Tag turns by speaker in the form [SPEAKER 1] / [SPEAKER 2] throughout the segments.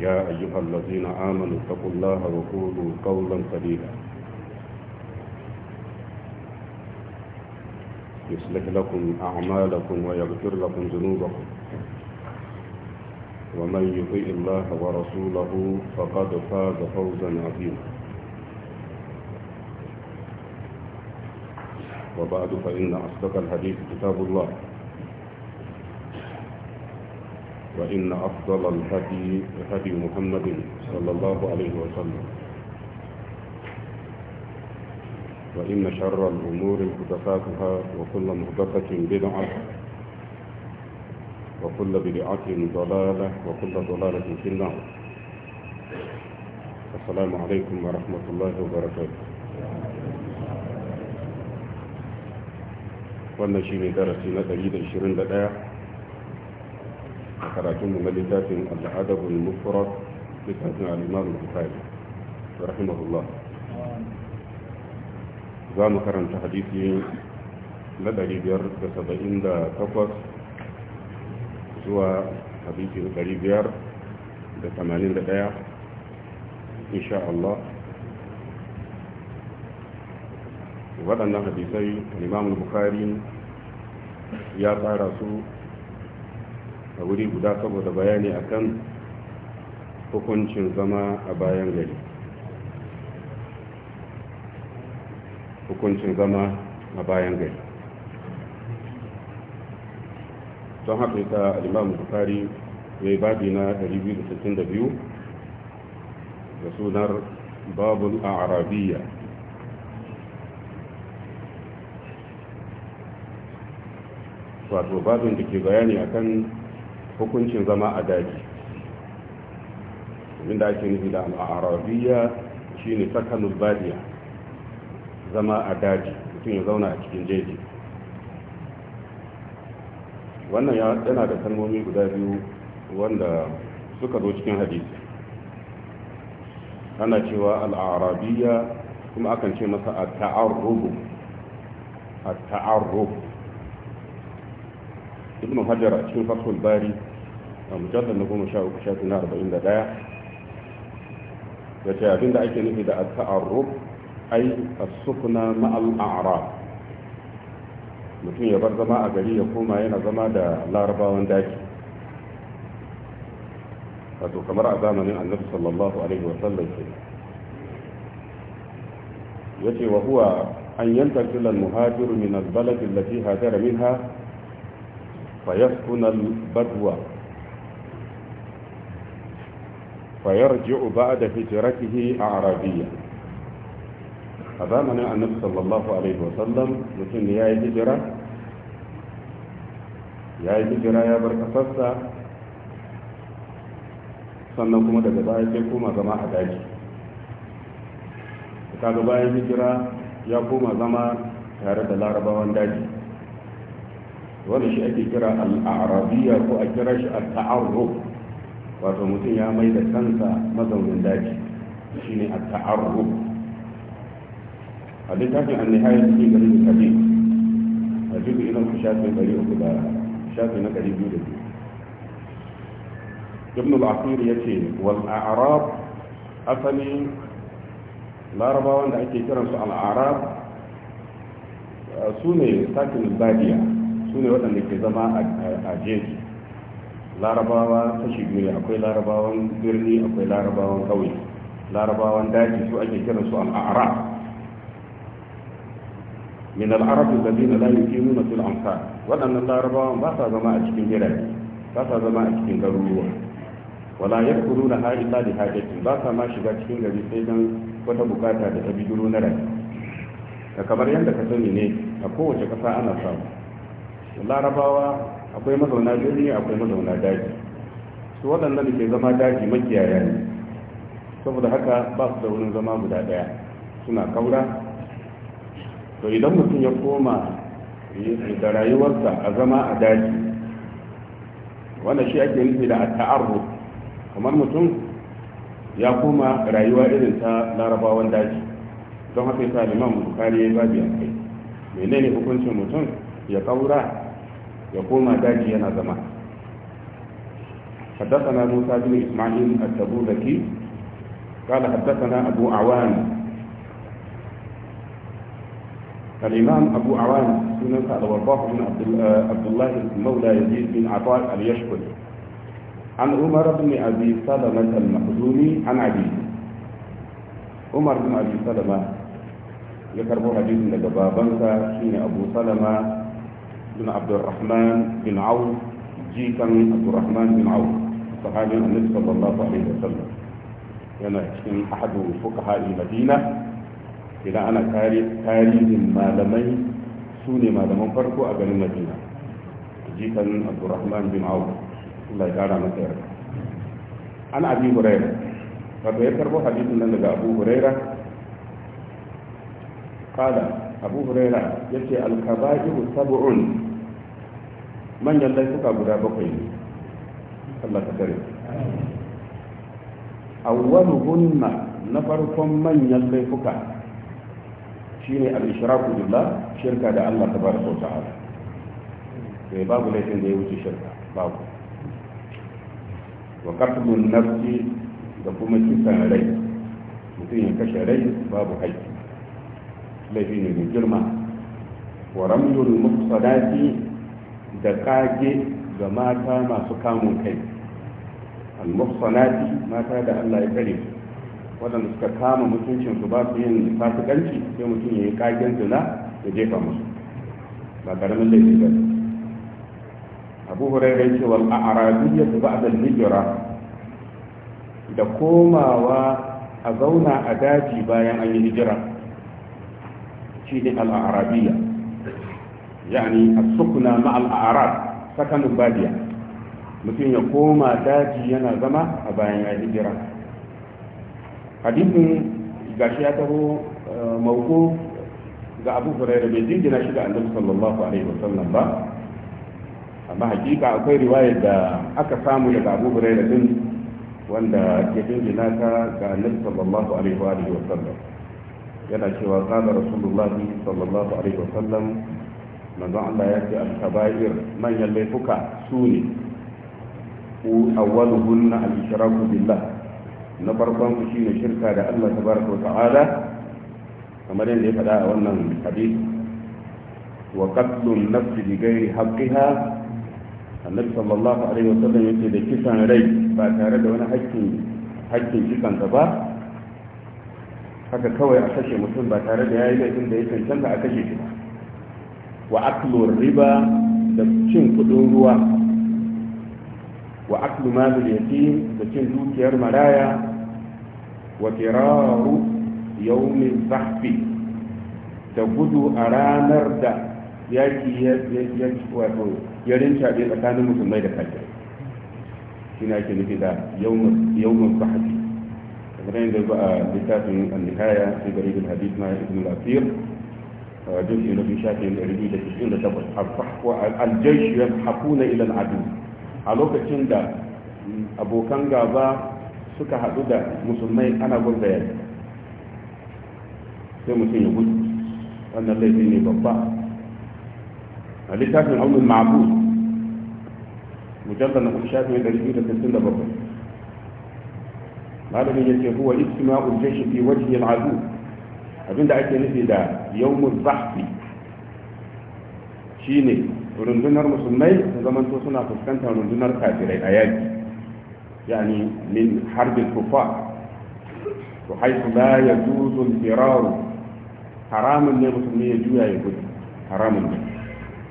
[SPEAKER 1] يا أيها الذين آمنوا اتقوا الله وقولوا قولا سديدا يصلح لكم أعمالكم ويغفر لكم ذنوبكم ومن يطيع الله ورسوله فقد فاز فوزا عظيما وبعد فإن أصدق الحديث كتاب الله وإن أفضل الهدي هدي محمد صلى الله عليه وسلم وإن شر الأمور محدثاتها وكل محدثة بدعة وكل بدعة ضلالة وكل ضلالة في النار السلام عليكم ورحمة الله وبركاته wannan shi دليل darasi na a karatun mu na littafin al'adabul mufrad littafin al-imam al-bukhari rahimahullah za mu karanta hadisi na 578 zuwa hadisi na 581 insha Allah waɗannan hadisai al Buhari ya tsara su a wuri guda saboda bayani akan hukuncin zama a bayan gari hukuncin zama a bayan gari don haka ita alimamu bukari mai babi na 262 da sunar babul a arabiya wato babin da ke bayani akan hukuncin zama a daji da ake nufi da al'arabiya shine sakanul badiya zama a daji mutum ya zauna a cikin jeji wannan yana da kalmomi guda biyu wanda suka zo cikin hadisi ana cewa al'arabiya kuma akan ce masa a ta'arrubu a ta'arrubu ibn hajjara a cikin fasul bari a mujallar na goma sha uku sha na arba'in da ɗaya ya ce abinda ake nufi da ta'arruf ai a sukuna ma'al a'rab mutum ya bar zama a gari ya koma yana zama da larabawan daji wato kamar a zamanin annabi sallallahu alaihi wasallam ke ya ce wa huwa an yantakila muhajiru min albalad allati hajara minha fa yaskuna albadwa فيرجع بعد هجرته أعرابيا هذا من النبي صلى الله عليه وسلم مثل يا هجرة يا هجرة يا بركة سسا sannan kuma daga baya sai koma zama a daji kaga bayan hijira ya koma zama tare da larabawan daji Wani shi ake kira al'arabiya ko a kira shi al-ta'arruf wato mutum ya mai da kansa mazaunin daji ne a ta'arru a littafin an nihayar cikin garin da kabi a duk idan ku shafi ɗari uku da shafi na gari biyu da biyu ibn al-asir ya ce wal a'rab asali larabawan da ake kiransu al-arab su ne sakin badiya su ne waɗanda ke zama a jeji larabawa ta biyu ne akwai larabawan birni akwai larabawan ƙauye larabawan daji su ake kira su al'ara min zina alladhina la nuna fil amsa. waɗannan larabawan ba sa zama a cikin birane ba sa zama a cikin garuruwa wala yadkhuluna ha'ila da hajatin ba sa ma shiga cikin gari sai don wata bukata da ta bidiro na rayuwa kamar yadda ka sani ne a kowace ƙasa ana samu larabawa akwai mazauna birni akwai mazauna daji su waɗannan da ke zama daji makiyaya ne saboda haka ba su da wurin zama guda ɗaya suna kaura to idan mutum ya koma eh, da rayuwarsa a zama a daji wanda shi ake nufi da ta'arru kamar mutum ya koma rayuwa irin ta larabawan daji don haka yasa liman bukari ya yi a kai menene hukuncin mutum ya kaura ya koma daji yana zama haddasana musa bin isma'il al-tabu zaki kala haddasana abu awan al-imam abu awan sunan sa'adawar bafu bin eh, abdullah maula yajid bin atar al-yashkul an umar bin abi salama al-mahzumi an abi umar bin abi salama ya karbo hadisin daga babansa shine abu salama بن عبد الرحمن بن عوف جيكا عبد الرحمن بن عوف صحابي النبي صلى الله عليه وسلم كان يعني أحد فقهاء المدينة إلى ان تاريخ تاريخ ما لمي سوني ما لم فرقوا أبن المدينة جيكا عبد الرحمن بن عوف الله يجعل ما تعرف أنا أبي هريرة فبيكر بو حديث أن أبو هريرة قال أبو هريرة يسال الكبائر سبع manyan laifuka guda bakwai ne Allah ta kare awwaluhunna na farkon manyan laifuka shine al-ishraku billah shirka da Allah tabaraka wa ta'ala sai eh, babu laifin da ya wuce shirka babu wa qatlu nafsi da kuma kisan rai mutum ya kashe rai babu haƙƙi laifi ne mai girma wa ramyul muqsadati da kage ga mata masu kamun kai al mufsanati mata da Allah ya kare wadanda suka kama mutuncin su ba su yin fasikanci sai mutum ya yi kagen zina ya jefa musu ba karamin da ba abu wal cewa al'arabiyya su ba da hijira da komawa a zauna a daji bayan an yi hijira shi ne Arabiyya. yani as-sukuna ma'a al-a'rab sakanun badiya mutum ya koma daji yana zama a bayan ya hijira hadisin gashi ya taho mauko ga abu hurairah bai jingina shi ga annabi sallallahu alaihi wasallam ba amma hakika akwai riwaya da aka samu daga abu huraira din wanda ke dingina ta ga annabi sallallahu alaihi wa sallam yana cewa qala rasulullahi sallallahu alaihi wa sallam manzon Allah ya ce al-kaba'ir manyan laifuka su ne awwaluhunna al-ishraku billah na farkon ku shine shirka da Allah tabaraka wa ta'ala kamar yadda ya faɗa a wannan hadisi wa qatlun nafsi bi ghairi haqqiha annabi sallallahu alaihi wasallam yace da kisan rai ba tare da wani haƙƙin haƙƙin kisan ka ba haka kawai a kashe mutum ba tare da yayi laifin da ya cancanta a kashe shi ba wa aklu riba da cin kudin ruwa wa aklu malul yatim da cin dukiyar maraya wa kiraru yawmin zahfi da gudu a ranar da yaki ya wato ya rinca da tsakanin musulmai da kafir shi ne ake nufi da yawmin zahfi kamar yadda zuwa littafin annihaya sai garibin hadith na ibn al-asir جزء نبي شافي الإربي لتسئل تبس الصحف الجيش يضحكون إلى العدو على وقت أبو كان غابا suka haɗu da musulmai ana gwamza yadda sai mutum ya gudu wannan laifi ne babba a littafin aunin ma'abu mujallar na kuma shafi da shi da sassun da babba malamin ya ce huwa istima'ul jeshi fi wajhi ake nufi da yawmul bahfi shine rundunar musulmai su zamanto suna fuskantar rundunar kafirai a yaki yani min harbin kufa to haifu la ya juzun firaru haramun ne musulmi ya juya ya gudu haramun ne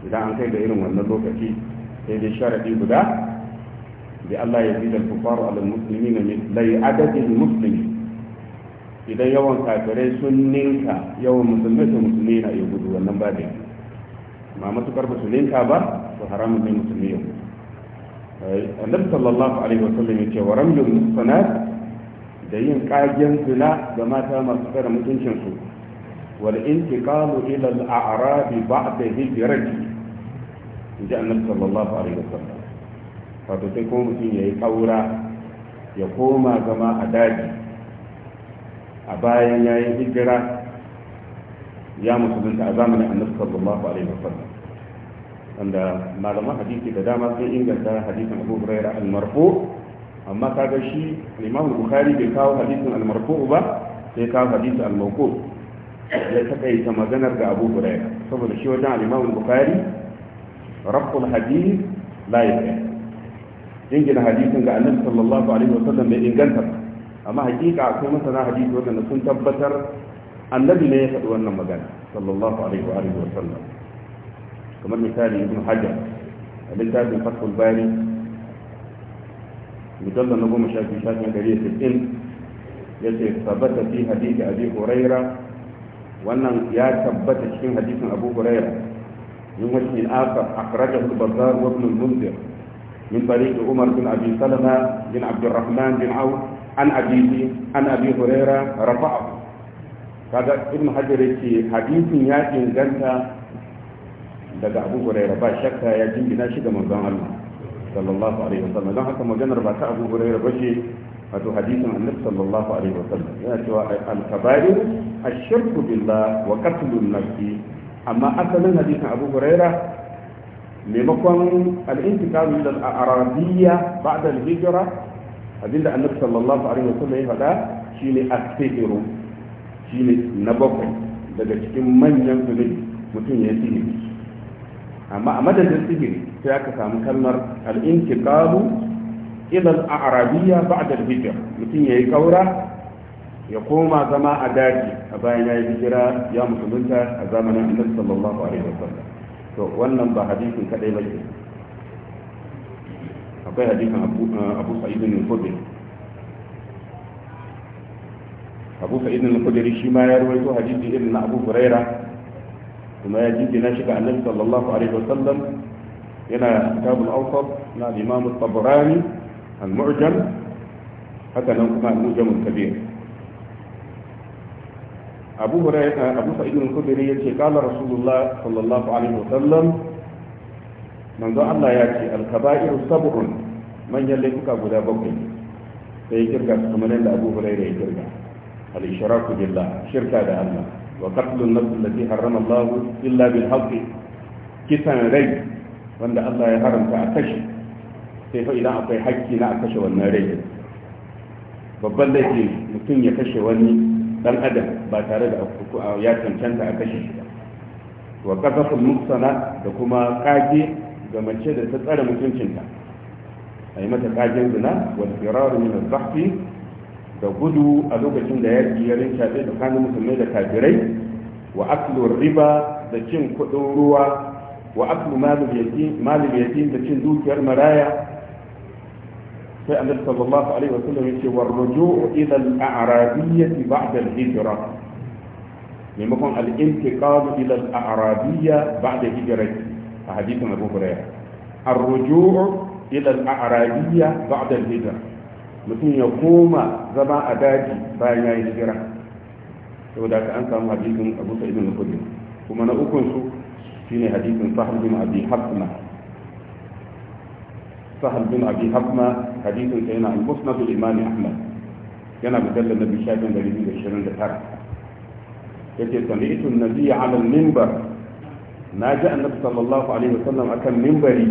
[SPEAKER 1] idan an kai da irin wannan lokaci sai dai sharadi guda bi Allah ya zida kufaru al-muslimina min lai adadin muslimi idan yawan kafirai sun ninka yawan musulmi su musulmi na iya gudu wannan ba da amma matukar ba su ninka ba su haramun ne musulmi yau gudu eh, annabi sallallahu alaihi wa sallam yace wa ramjul musanat da yin kagen zina ga mata masu tsare mutuncin su wal intiqalu ila al a'rab ba'da hijrati inji annabi sallallahu alaihi wa sallam wato sai kuma mutum yayi kaura ya koma zama a daji a bayan ya yi hijira ya musulunta a zamanin annabi sallallahu alaihi wasallam wanda malaman hadisi da dama sun inganta hadisin abu Hurairah al-marfu amma kaga shi Imam bukhari bai kawo hadisin al-marfu ba sai kawo hadisin al-mawqu ya takaita maganar ga abu Hurairah saboda shi wajen Imam imamu bukhari rabbul hadith la yafi jingina hadisin ga annabi sallallahu alaihi wasallam bai inganta ba amma hakika akwai masana hadisi wanda sun tabbatar annabi ne ya faɗi wannan magana sallallahu alaihi wa alihi wa sallam kamar misali ibn hajar a littafin fatul bari mujallar na goma sha shafin gari ya sittin ya ce tabbata fi hadisi abi huraira wannan ya tabbata cikin hadisin abu huraira من وجه آخر أخرجه البزار وابن المنذر من طريق عمر بن أبي سلمة بن عبد الرحمن بن عوف an abihi an abi huraira rafa'a kaga ibn hajar yake hadisin ya inganta daga abu huraira ba shakka ya jingina shi ga manzon Allah sallallahu alaihi wasallam don haka maganar ba ta abu huraira ba shi. wato hadisin annabi sallallahu alaihi wasallam yana cewa al-kaba'ir ash-shirku billah wa qatlun nafsi amma asalin hadisin abu huraira maimakon al-intiqam ila al-arabiyya ba'da al-hijra abinda annabi sallallahu alaihi wasallam ya faɗa shine asiru shine na bakwai daga cikin manyan zunubi mutum ya sihiri amma a madadin sihiri sai aka samu kalmar al-intiqalu ila al-arabiyya ba'da al-hijra mutum yayi kaura ya koma zama a daji a bayan ya yi hijira ya musulunta a zamanin annabi sallallahu alaihi wasallam to wannan ba hadisin kadai ba akwai hadisin abu sa'idin al-khudri abu sa'idin al-khudri shi ma ya rawaito hadisi irin na abu huraira kuma ya jingina shi ga annabi sallallahu alaihi wasallam yana kitabul awsat na imam at-tabarani al-mu'jam haka nan kuma al-mu'jam al-kabir abu huraira abu sa'idin al-khudri yace qala rasulullah sallallahu alaihi wasallam manzo Allah ya ce al-kaba'iru sab'un manyan laifuka guda bakwai sai ya kirga su kamar yadda Abu Hurairah ya kirga al-ishraku billah shirka da Allah wa qatlun nafs allati harrama Allah illa bil haqq kisan rai wanda Allah ya haramta a kashe sai fa idan akwai hakki na a kashe wannan rai babban laifi mutum ya kashe wani dan adam ba tare da ya cancanta a kashe shi ba wa qazaful muhsana da kuma kage ga mace da ta tsare mutuncinta a yi mata kajin zina wa firaru min al-zahfi da gudu a lokacin da yaki ya rinca da kanin musulmi da kafirai wa aklu riba da cin kudin ruwa wa aklu malul yatim da cin dukiyar maraya sai annabi sallallahu alaihi wa sallam yace war ruju'u ila al-a'rabiyyah ba'da al-hijra maimakon al-intiqal ila al-a'rabiyya ba'da hijrati a hadisin abu huraira ar-ruju'u ila al-a'rabiyya ba'da al-hijra mutum ya koma zama a daji bayan yayi hijira saboda ka an samu hadisin abu sa'id al-khudri kuma na ukun su shine hadisin sahal bin abi hasma sahal bin abi hasma hadisin sa yana al-musnad al-imam ahmad yana mujallal nabi shafin 129 yake sami'tu an-nabiyya 'ala al-minbar na ji annabi sallallahu alaihi wasallam akan mimbari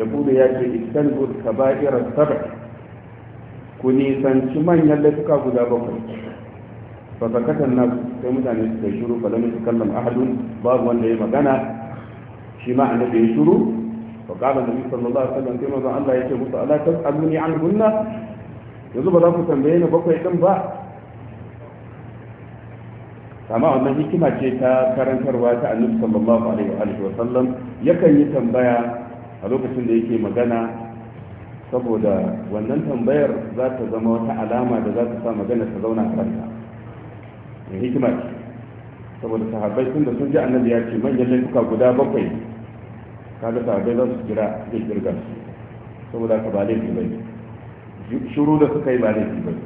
[SPEAKER 1] ya bude ya ce istanbul kaba'irar saba ku nisanci manyan laifuka guda bakwai fa zakatan na sai mutane suka shiru fa lam yukallam ahadun babu wanda ya magana shi ma annabi ya shiru fa qala nabi sallallahu alaihi wasallam sai manzon Allah yake musu ala tas'aluni an hunna yanzu ba za ku tambaye ni bakwai din ba amma wannan hikima ce ta karantarwa ta annabi sallallahu alaihi wa sallam yakan yi tambaya a lokacin da yake magana saboda wannan tambayar za ta zama wata alama da za ta sa magana ta zauna a kanta hikima ce saboda sahabbai sun da sun ji annabi ya ce manyan laifuka guda bakwai kaga sahabbai za su jira zai jirga su saboda ka ba laifi bai shuru da suka yi ba laifi bai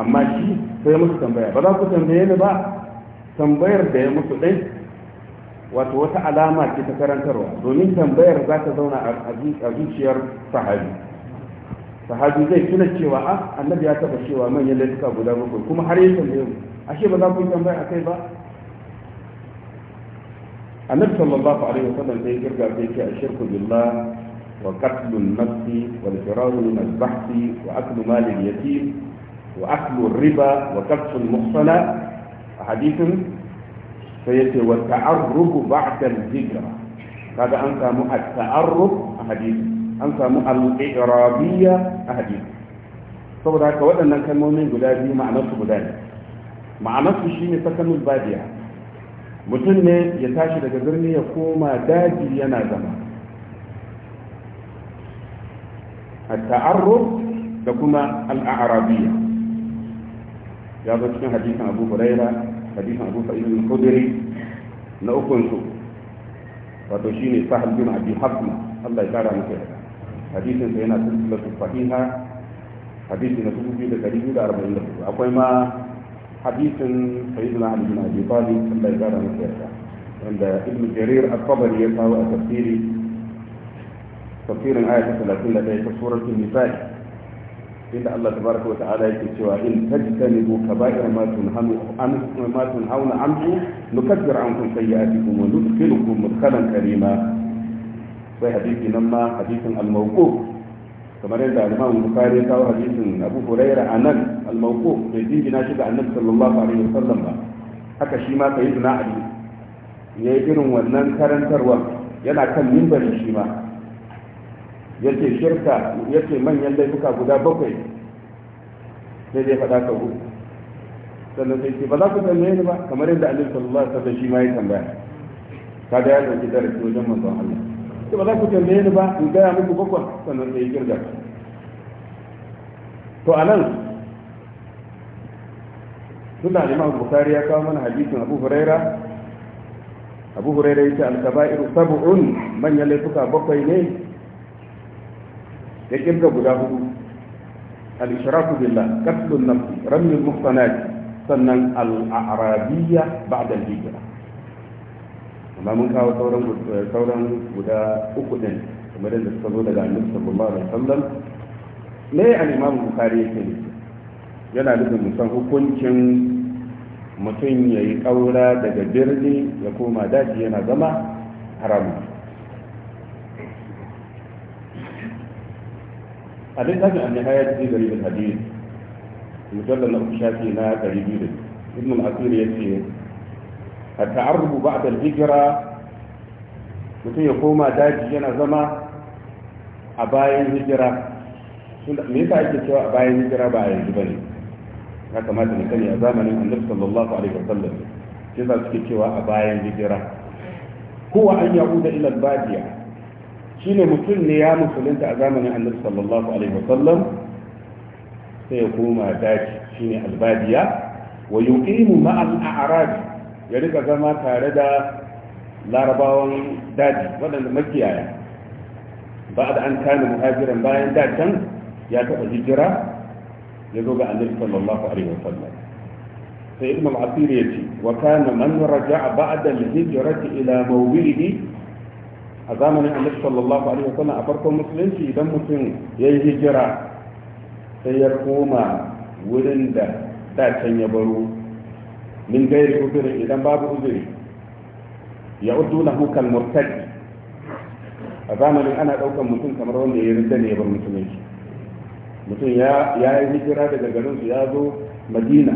[SPEAKER 1] amma shi sai musu tambaya ba za ku tambaye ni ba tambayar da ya mutu ɗai wato wata alama ce ta karantarwa domin tambayar za ta zauna a zuciyar sahabi sahabi zai tuna cewa a ah, annabi ya taba cewa manyan laifuka guda bakwai kuma har yi tambaye mu ashe ba za ku yi tambaya a kai ba annabi sallallahu alaihi wasallam sai kirga sai ce shirku billah wa qatlun nafsi wal firaru min al-bahthi wa aklu mali al-yatim wa aklu riba wa qatful musala. حديث فيأتي والتعرف بعد الهجرة هذا أنت مع التعرف أحاديث أنت مع الإعرابية أحاديث طب هذا كود أن كان مؤمن بلادي مع نفسه بلادي مع نفس الشيء يتكلم البادية mutum ne ya يقوم daga birni ya تكون الأعرابية yana zama a ta'arruf da hadisin abu sa'id al-khudri na ukun su wato shine sahal bin abi hasma Allah ya kara masa yarda hadisin sa yana silsilatu sahiha hadisi na 2244 akwai ma hadisin sayyidina ali bin abi talib Allah ya kara masa yarda wanda ibn jarir at-tabari ya kawo a tafsiri tafsirin ayat 31 ta suratul nisa inda Allah tabaraka wata'ala yake cewa in tajtanibu kaba'ir ma tunhanu an ma tunhauna anhu nukaffir ankum sayyi'atikum wa nudkhilukum mudkhalan karima sai hadisi nan ma hadisin al-mawqu kamar yadda al-Imam Bukhari kawo hadisin Abu Hurairah anan al-mawqu bai jingina shi ga Annabi sallallahu alaihi wasallam ba haka shi ma sayyidina Ali yayi irin wannan karantarwa yana kan minbari shi ma ce shirka ce manyan laifuka guda bakwai sai dai faɗa ka uku sannan sai ce ba za ku tambaye ni ba kamar yadda annabi sallallahu alaihi wasallam shi ma ya tambaya da ya dauki darasi wajen manzon Allah sai ba za ku tambaye ni ba in gaya muku bakwai sannan sai girga to anan da imam bukari ya kawo mana hadisin abu huraira abu huraira yace al-kaba'iru sab'un manyan laifuka bakwai ne da kirga guda hudu al-ishraku billah qatlun nafsi ramyul muhsanat sannan al-arabiyya ba'da al-hijra amma mun kawo sauran eh, sauran guda uku din kamar da suka zo daga annabi sallallahu alaihi wasallam me al-imam bukhari yake ne yana da musan hukuncin mutum ya yi ƙaura daga birni ya koma daji yana zama haramun a littafin an ya ji gari da hadisi mujallar na shafi na gari biyu da ibn al-asir ya ce a ta'arrubu ba'da al-hijra mutum ya koma daji yana zama a bayan hijira me yasa ake cewa a bayan hijira ba a yanzu bane ya kamata mu sani a zamanin annabi sallallahu alaihi wasallam shi yasa suke cewa a bayan hijira kowa an ya'uda ila al-badiya shine mutum ne ya musulunta a zamanin annabi sallallahu alaihi wasallam sai ya koma daji shine albadiya wa yuqimu ma'al a'rab ya rika zama tare da larabawan daji waɗanda makiyaya ba da an kana muhajiran bayan da can ya taɓa hijira ya zo ga annabi sallallahu alaihi wasallam sai ibn al-asir ya wa kana man raja'a ba'da al-hijrati ila mawdihi a zamanin annabi sallallahu alaihi wasallam a farkon musulunci idan mutum ya yi hijira sai ya koma wurin da dacen ya baro min gairi uzuri idan babu uzuri ya uddu lahu kal murtad a zamanin ana ɗaukar mutum kamar wanda ya rinda ne ya bar musulunci mutum ya yi hijira daga garinsu ya zo madina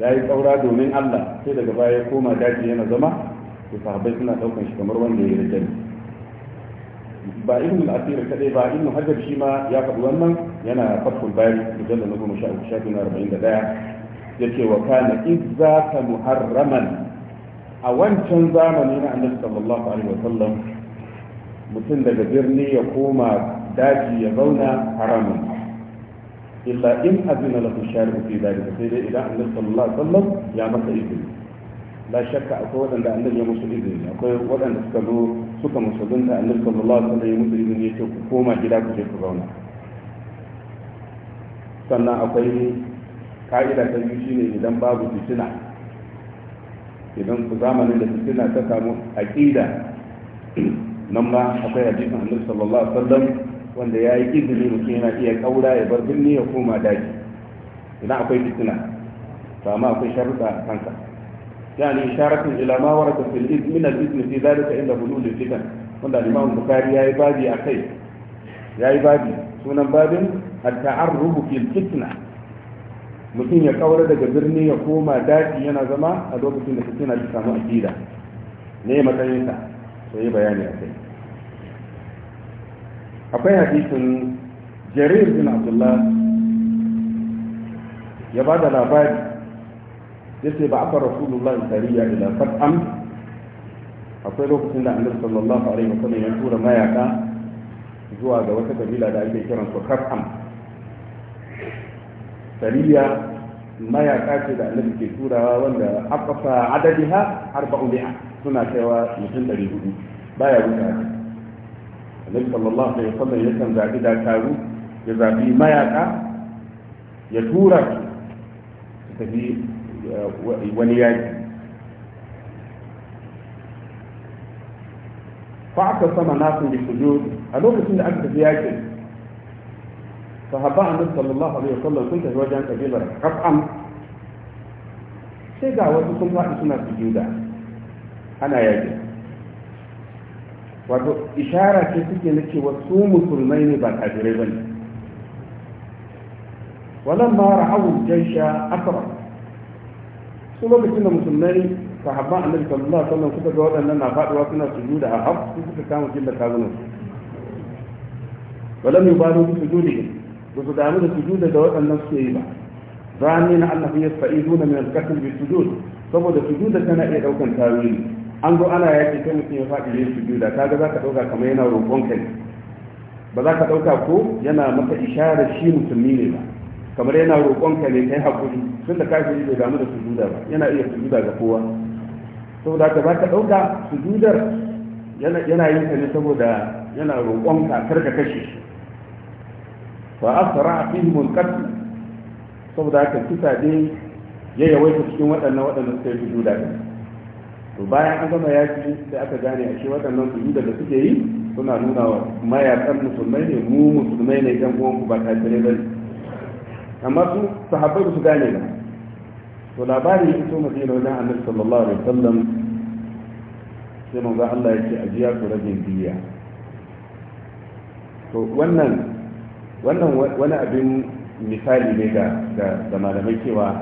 [SPEAKER 1] ya yi tsaura domin allah sai daga baya ya koma daji yana zama to sahabbai suna daukan shi kamar wanda ya rida ba ibn al-asir kadai ba ibn hajar shi ma ya faɗi wannan yana fatul bari mujalla na goma sha uku shafi na arba'in da ɗaya ya ce wa kana izza ka muharraman a wancan zamani na annabi sallallahu alaihi wa sallam mutum daga birni ya koma daji ya zauna haramun illa in azina lahu shari'u fi dalika sai dai idan annabi sallallahu alaihi wa ya masa izini la shakka akwai waɗanda annabi ya musu izini akwai waɗanda suka zo suka musulunta annabi sallallahu alaihi wasallam ya musu izini ya ce ku koma gida ku je ku zauna sannan akwai ka'ida ta biyu shine idan babu fitina idan ku zamanin da fitina ta samu aqida nan ma akwai hadisin annabi sallallahu alaihi wasallam wanda ya yi izini mutum yana iya kaura ya bar birni ya koma daji idan akwai fitina to amma akwai sharuɗa a kanka يعني إشارة إلى ما ورد في الإذن من الإذن في ذلك عند بلول الفتن قلنا الإمام البخاري يا عبادي أخي يا عبادي سنن باب التعرب في الفتنة mutum ya kawar daga birni ya koma daji yana zama a lokacin da fitina ta samu akida ne matsayinsa sai yi bayani a kai akwai hadisin jarir bin abdullah ya ba labari yace ba aka rasulullahi sariya ila fat'am akwai lokacin da annabi sallallahu alaihi wasallam ya tura mayaka zuwa ga wata kabila da ake kiran su fat'am sariya mayaka ce da annabi ke turawa wanda aqsa adadiha arba'u suna kaiwa mutum 400 baya wuce annabi sallallahu alaihi wasallam ya kan zabi da taru ya zabi mayaka ya tura su tafi wani yaki fa aka sama nasu da sujud a lokacin da aka tafi yakin sahaba annabi sallallahu alaihi wasallam sun tafi wajen kabilar qasam sai ga wasu sun faɗi suna sujuda ana yakin wato ishara ce suke na cewa su musulmai ne ba kafirai ba ne walamma ra'awul jaysha asra kuma lokacin da musulmai sahabban annabi sallallahu alaihi wasallam suka ga waɗannan na faduwa suna sujuda a haf su suka kama jilla kazunan su walam yubalu bi sujudihim ba su damu da sujuda da waɗannan suke yi ba rani na allah ya fa'iduna min al-qatl bi sujud saboda sujuda tana iya daukan tawili an zo ana yaki sai mutum ya faɗi yin sujuda kaga za ka ɗauka kamar yana roƙon kai ba za ka ɗauka ko yana maka isharar shi musulmi ne ba kamar yana roƙonka ne kai hakuri tun da kafin bai damu da sujuda ba yana iya sujuda ga kowa saboda ka za ka ɗauka sujudar yana yin ka ne saboda yana roƙonka kar ka kashe shi fa asra fihi mulkat saboda ka kisa ne ya yawaita cikin waɗannan waɗannan suka yi sujuda ne to bayan an gama yaki sai aka gane a shi waɗannan sujuda da suke yi suna nuna wa mayakan musulmai ne mu musulmai ne ɗan uwanku ba kafirai ba ne amma su sahabbai su gane ba to labari ya fito madina wajen annabi sallallahu alaihi wasallam sai manzo Allah ya ce a biya ku rabin biya to wannan wannan wani abin misali ne ga ga malamai cewa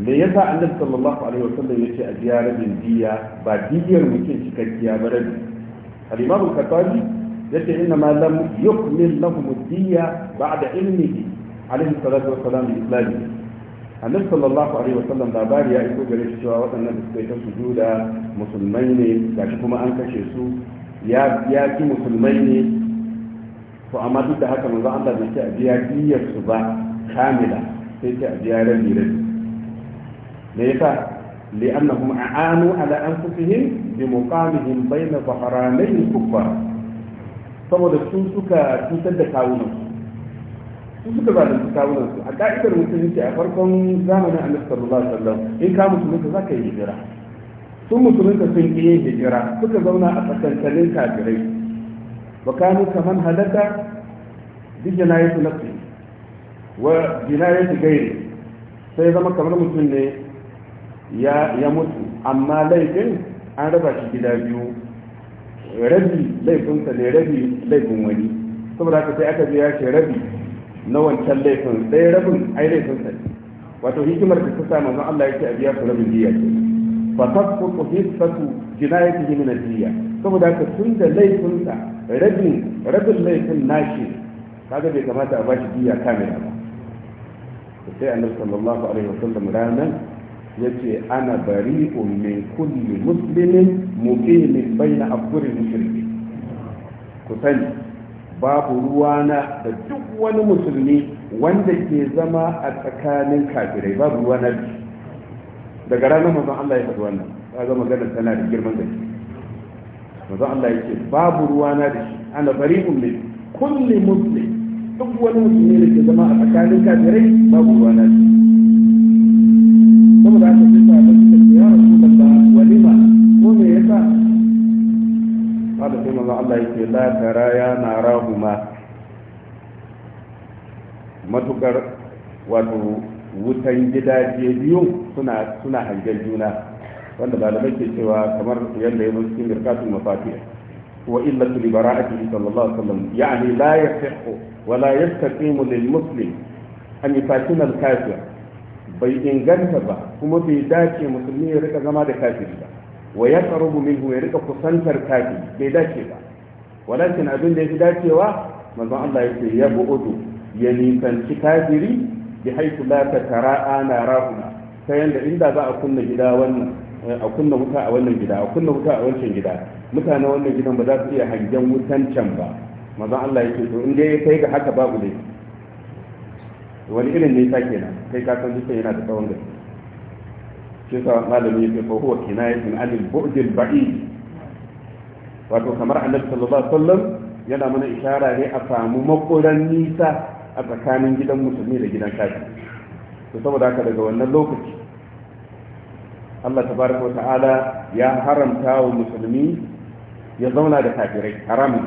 [SPEAKER 1] me yasa annabi sallallahu alaihi wasallam ya ce a biya rabin biya ba diyar mutum cikakkiya ba rabi al-imam al-khattabi yace inna ma lam yukmil lahum ad-diya ba'da ilmihi alaihi salatu wa salam islami annabi sallallahu alaihi wa sallam labari ya iso gare shi cewa waɗannan da suka yi ta sujuda musulmai ne gashi kuma an kashe su ya ya ki musulmai ne to amma duk da haka manzo Allah bai ce a biya diyyar su ba kamila sai ce a biya rabi rabi me yasa a'anu أعانوا على أنفسهم بمقامهم بين ظهراني الكفار saboda sun suka cutar da kawunan su suka da kawunan su a ka'idar musulunci a farkon zamanin annabi sallallahu alaihi wasallam in ka musulunta za ka yi hijira sun musulunta sun yi hijira suka zauna a tsakankanin kafirai wa kanu kaman halaka bi jinayatu nafsi wa jinayatu gairi sai zama kamar mutum ne ya ya mutu amma laifin an raba shi gida biyu rabi laifinsa ne rabi laifin wani saboda haka sai aka biya shi rabi na wancan laifin ɗaya rabin ai laifin sa wato hikimar da ta samu manzon Allah yake a biya su rabin jiya ce fa tasqutu hissatu jinayatihi min al-jiya saboda haka tun da laifin sa rabin rabin laifin nashi kaga bai kamata a bashi jiya kamila ba sai annabi sallallahu alaihi wasallam ranan yace ana bari'un min kulli muslimin mu'minin baina afkurin mushriki ku sani babu ruwana da duk wani musulmi wanda ke zama a tsakanin kafirai babu ruwana da daga ranar mazan Allah ya faɗi wannan ta zama ganin tana da girman gaske mazan Allah ya ce babu ruwana da shi ana bari ummi kulli musulmi, duk wani musulmi da ke zama a tsakanin kafirai babu ruwana da shi yake la tara ya nara huma matukar wato wutan gidaje biyu suna suna hangen juna wanda malamai ke cewa kamar yadda ya cikin mirkatul mafatih wa illatu li bara'atihi sallallahu alaihi wasallam ya'ni la yasihu wa la yastaqimu lil muslim an yafakina al kafir bai inganta ba kuma bai dace musulmi ya rika zama da kafiri ba wa yaqrabu minhu ya rika kusantar kafiri bai dace ba walakin abin da ya fi dacewa manzon Allah yake ya bu'udu ya nisanci kafiri bi haitu la tatara'a narahuna ta yanda inda za a kunna gida wannan a kunna wuta a wannan gida a kunna wuta a wancan gida mutanen wannan gidan ba za su iya hangen wutan can ba manzon Allah yake to in dai ya kai ga haka babu ne wani irin nisa kenan kai ka san dukkan yana da tsawon gaske shi sa malami yake ko huwa kinayatun alil bu'dil ba'id wato kamar annabi sallallahu alaihi wasallam yana mana ishara ne a samu makoran nisa a tsakanin gidan musulmi da gidan kafi to saboda haka daga wannan lokaci Allah tabaraka ta'ala ya haramta wa musulmi ya zauna da kafirai haram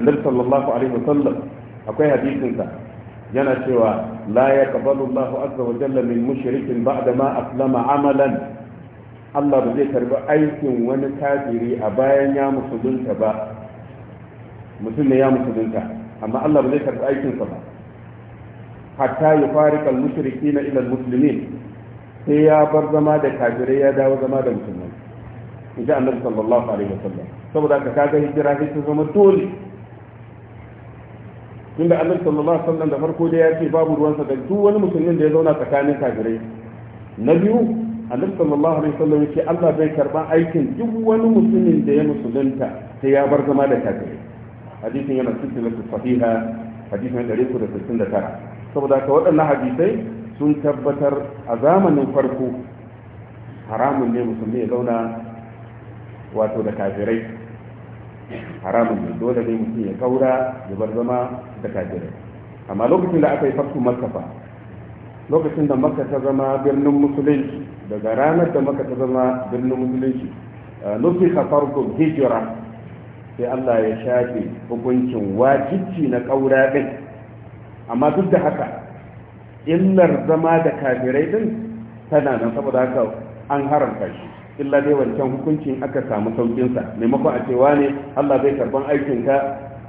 [SPEAKER 1] annabi sallallahu alaihi wasallam akwai hadisinsa yana cewa la yaqbalu Allahu azza wa jalla min mushrikin ba'da ma aslama amalan Allah ba zai karbi aikin wani kafiri a bayan ya musulunta ba mutum ne ya musulunta amma Allah ba zai karbi aikinsa ba hatta ya fari kal mushriki na ilal musulmin sai ya bar zama da kafirai ya dawo zama da musulmai in ji annabi sallallahu alaihi wasallam saboda ka kaga hijira sai ta zama dole tunda annabi sallallahu alaihi wasallam da farko da ya ce babu ruwansa da duk wani musulmin da ya zauna tsakanin kafirai na biyu annabi sallallahu alaihi wasallam yake Allah bai karba aikin duk wani musulmin da ya musulunta sai ya bar zama da kafiri hadisin yana silsilatu sahiha hadisin 369 saboda ka waɗannan hadisai sun tabbatar a zamanin farko haramun ne musulmi ya zauna wato da kafirai haramun ne dole ne mutum ya kaura ya bar zama da kafirai amma lokacin da aka yi farko makka fa lokacin da makka ta zama birnin musulunci daga ranar da maka ta zama birnin musulunci nufi farkon hijira sai Allah ya shafe hukuncin wajibci na ƙaura ɗin amma duk da haka illar zama da kafirai ɗin tana nan saboda haka an haramta shi illa dai wancan hukuncin aka samu saukinsa maimakon a cewa ne Allah zai karban aikinka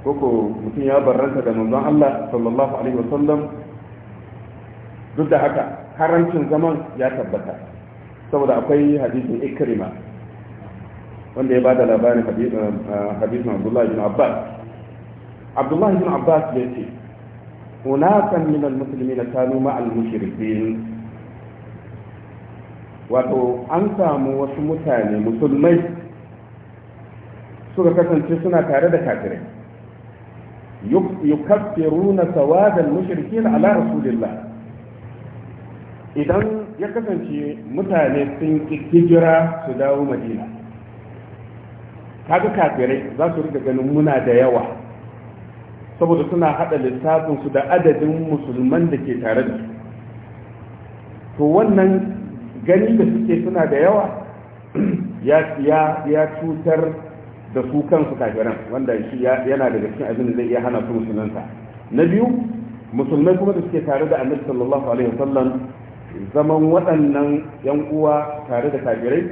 [SPEAKER 1] koko mutum ya barranta da manzon Allah sallallahu alaihi wasallam duk da haka haramcin zaman ya tabbata saboda akwai hadisin ikrima wanda ya bada labarin eh, eh, hadisin abdullahi bin abbas abdullahi bin abbas ya ce unasan min almuslimina kanu ma almushrikin wato an samu wasu mutane musulmai suka kasance suna tare da kafirai yukaffiruna sawadan mushrikin ala rasulillah idan ya kasance mutane sun hijira su dawo madina kaga kafirai za su rika ganin muna da yawa saboda suna hada lissafinsu da adadin musulman da ke tare da su to wannan gani da suke suna da yawa ya cutar da su kansu kafiran wanda shi yana daga cikin abin da zai iya hana su musulunta na biyu musulmai kuma da suke tare da annabi sallallahu alaihi wasallam zaman waɗannan yan uwa tare da kafirai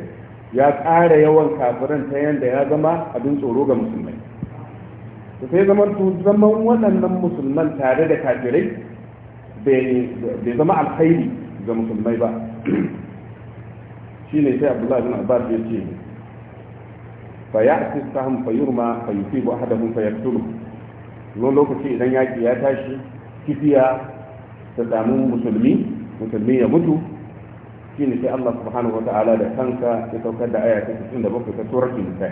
[SPEAKER 1] ya ƙara yawan kafiran ta yadda ya zama abin tsoro ga musulmai to sai zaman su zaman waɗannan musulman tare da kafirai bai zama alkhairi ga musulmai ba shine sai abdullahi bin abbas ya ce fa ya'ti saham fa yurma fa bu ahadahum fa yaktulu lokaci idan yaki ya tashi kifiya ta samu musulmi musulmi ya mutu ne sai Allah subhanahu wa ta'ala da kanka ya saukar da aya ta 67 ta suratul nisa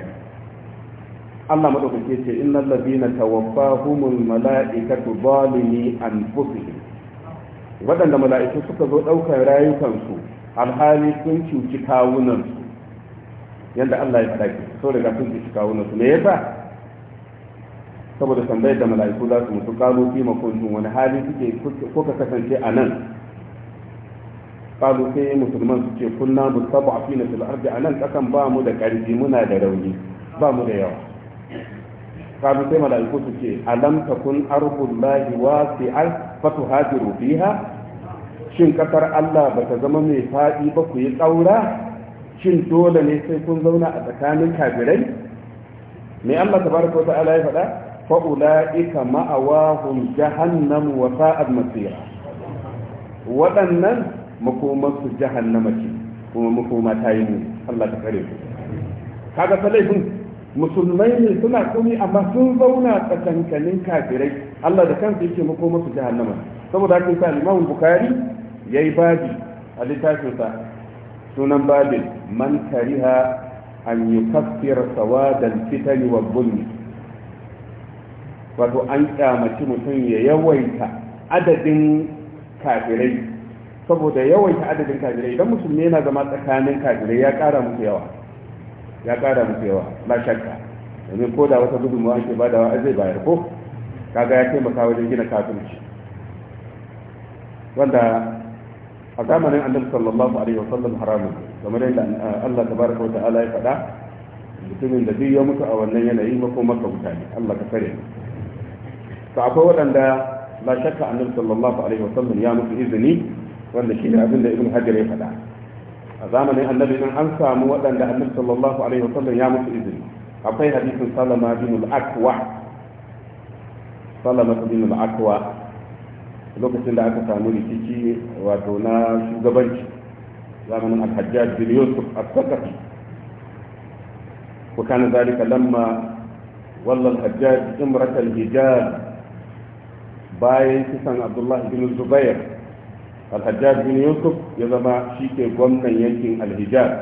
[SPEAKER 1] Allah madaukake ce innal ladina tawaffahumul mala'ikatu zalimi anfusihim waɗanda mala'iku suka zo ɗaukar rayukansu alhali sun cuci kawunan su. yadda Allah ya faɗa so daga sun cuci kawunansu me yasa saboda tambayar da mala'iku za su mutu kalu fi makuntum wani hali suke kuka kasance a nan kalu sai musulman su ce kunna mustad'afina fil ardi anan kasan ba mu da karfi muna da rauni ba mu da yawa kalu sai malaiku su ce alam takun ardullahi wasi'al fatuhajiru fiha shin kasar Allah ba ta zama mai faɗi ba ku yi tsaura shin dole ne sai kun zauna a tsakanin kabirai me Allah tabaraka ta'ala ya faɗa fa ulaika ma'awahum jahannam wa sa'ad masira waɗannan makomarsu jahannama ce kuma makoma ta yi ne Allah ta kare kaga ta laifin musulmai ne suna kuni amma sun zauna tsakankanin kafirai Allah da kansa yake makomarsu jahannama saboda haka yasa Imam Bukhari yayi babi a littafinsa sunan babin man kariha an yukaffira sawadan fitan wa bulmi wato an kyamaci mutum ya yawaita adadin kafirai saboda yawaita adadin kabirai, idan musulmi yana zama tsakanin kabirai, ya kara musu yawa ya kara musu yawa ba shakka domin ko da wata gudunmawa ake badawa zai bayar ko kaga ya taimaka wajen gina kafirci wanda a zamanin annabi sallallahu alaihi wasallam haramun kamar yadda eh, Allah tabaraka wa ta'ala ya faɗa mutumin da duk ya mutu a wannan yanayi makomarsa wuta ne Allah ka kare to akwai waɗanda la shakka annabi sallallahu alaihi wasallam ya mutu izini wanda shi ne abin da ibn hajar ya faɗa a zamanin annabi nan an samu waɗanda annabi sallallahu alaihi wa wasallam ya musu izini akwai hadisin salama bin al-aqwa salama bin al-aqwa lokacin da aka samu rikici wato na shugabanci zamanin al-hajjaj bin yusuf as-sakafi وكان ذلك لما والله الحجاج امرة الهجاز باين كسان kisan الله بن الزبير alhajjaj bin yusuf ya zama shi ke gwamnan yankin alhijaz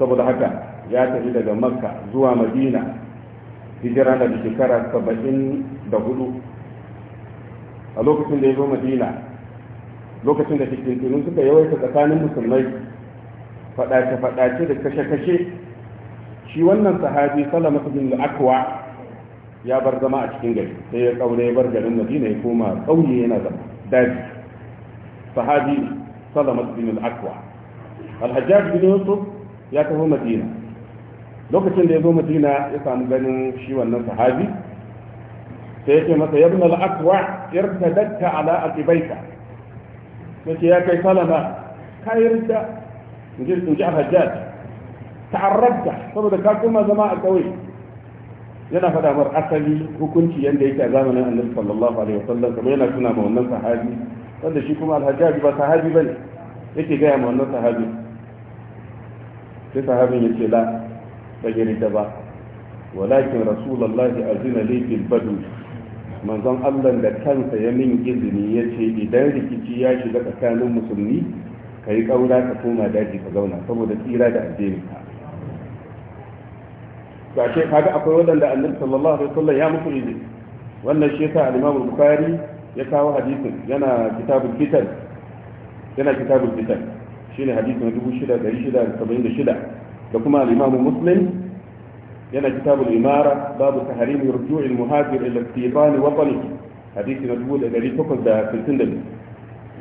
[SPEAKER 1] saboda haka ya tafi daga makka zuwa madina hijira da shekara saba'in da hudu a lokacin da ya zo madina lokacin da fitintunin suka yawaita tsakanin musulmai faɗace-faɗace da kashe-kashe shi wannan sahabi salamatu bin akwa ya bar zama a cikin gari sai ya kaure ya bar garin madina ya koma kauye yana zama daji sahabi salamat bin al-aqwa al-hajjaj bin yusuf ya taho madina lokacin da ya zo madina ya samu ganin shi wannan sahabi sai ya masa ya bin al-aqwa irtadatta ala aqibaika sai ya kai salama ka yarda in ji al-hajjaj ta'arrabta saboda ka koma zama a kauye yana faɗa mar asali hukunci yadda yake a zamanin annabi sallallahu alaihi wasallam kamar yana tuna ma wannan sahabi wanda shi kuma alhajjaji ba sahabi bane yake gaya ma wannan sahabi sai sahabin ya ce la ba da ba walakin rasulullahi azina li bil badu manzon Allah da kansa ya min izini ya ce idan rikici ya shiga tsakanin musulmi ka yi ƙaura ka koma daji ka zauna saboda tsira da addininka. ka to ashe kaga akwai wadanda annabi sallallahu alaihi wasallam ya musu izini wannan shi yasa al-Imam Bukhari ya kawo hadisin yana kitabul fitan yana kitabul fitan shine hadisin 6676 da kuma al-Imam Muslim yana kitabul imara babu tahrim ruju'il muhajir ila al-tiban wa talib hadisin 1862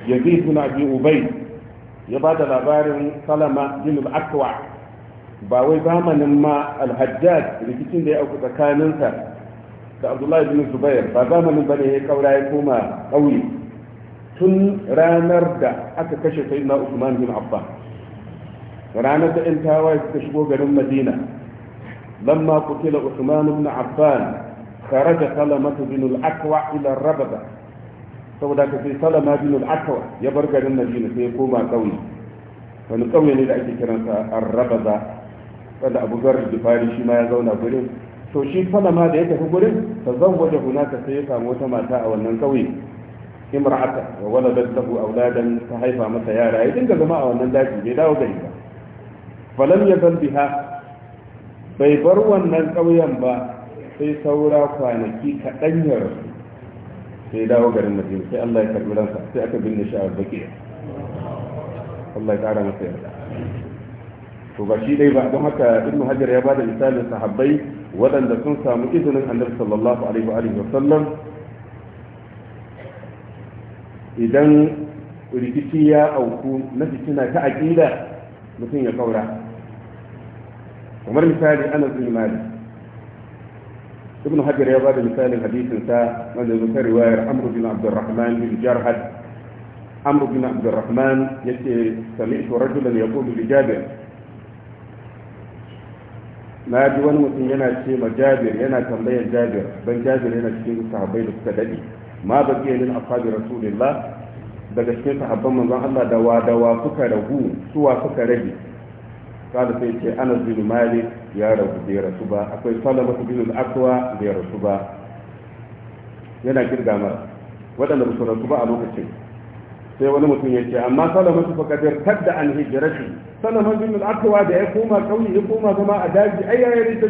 [SPEAKER 1] yazid bin abi ubay ya bada labarin salama bin al-aqwa ba wai zamanin ma alhajjaj rikicin da ya auku tsakaninsa da abdullahi bin zubair ba zamanin bane ya kaura ya koma ƙauye tun ranar da aka kashe na usman bin affan ranar da yan tawaye suka shigo garin madina lamma kutila usman bin affan kharaja salamatu bin al-aqwa ila rabada saboda ka sai salama bin al-aqwa ya bar garin madina sai ya koma ƙauye wani ƙauye ne da ake kiransa ar Rabada? wanda abu gar gifari shi ma ya zauna gurin to shi fanama da ya tafi gurin ta zan waje ka sai ya samu wata mata a wannan ƙauye imra'ata wa waladat lahu auladan ta haifa masa yara ya dinga zama a wannan daji bai dawo gari ba falam zan biha bai bar wannan ƙauyen ba sai saura kwanaki kaɗan ya rasu sai dawo garin madina sai Allah ya karɓi ransa sai aka binne shi a bakiya Allah ya ƙara masa yarda to ba shi dai ba don haka ibnu hajar ya bada misalin sahabbai waɗanda sun samu izinin annabi sallallahu alaihi wa alihi wasallam idan rikici ya auku na fitina ta aqida mutum ya kaura kamar misali ana bin malik ibnu hajar ya bada misalin hadisin sa wanda zo ta riwayar amr bin abdurrahman bin jarhad amr bin abdurrahman yace sami'tu rajulan yaqulu li jabir na ji wani mutum yana ce ma jabir yana tambayar jabir don jabir yana cikin sahabbai da suka dade ma ba ke yin afabi rasulullah daga cikin sahabban manzon Allah da wadawa suka ragu suwa suka rage kada sai ce anas bin malik ya ragu bai rasu ba akwai salama bin al-aqwa bai rasu ba yana kirga mara waɗanda su rasu ba a lokacin sai wani mutum ya ce amma salama su fakadar tadda an hijrati salaman bin al'akawa da ya koma kauye ya koma zama a daji ai ya yi ta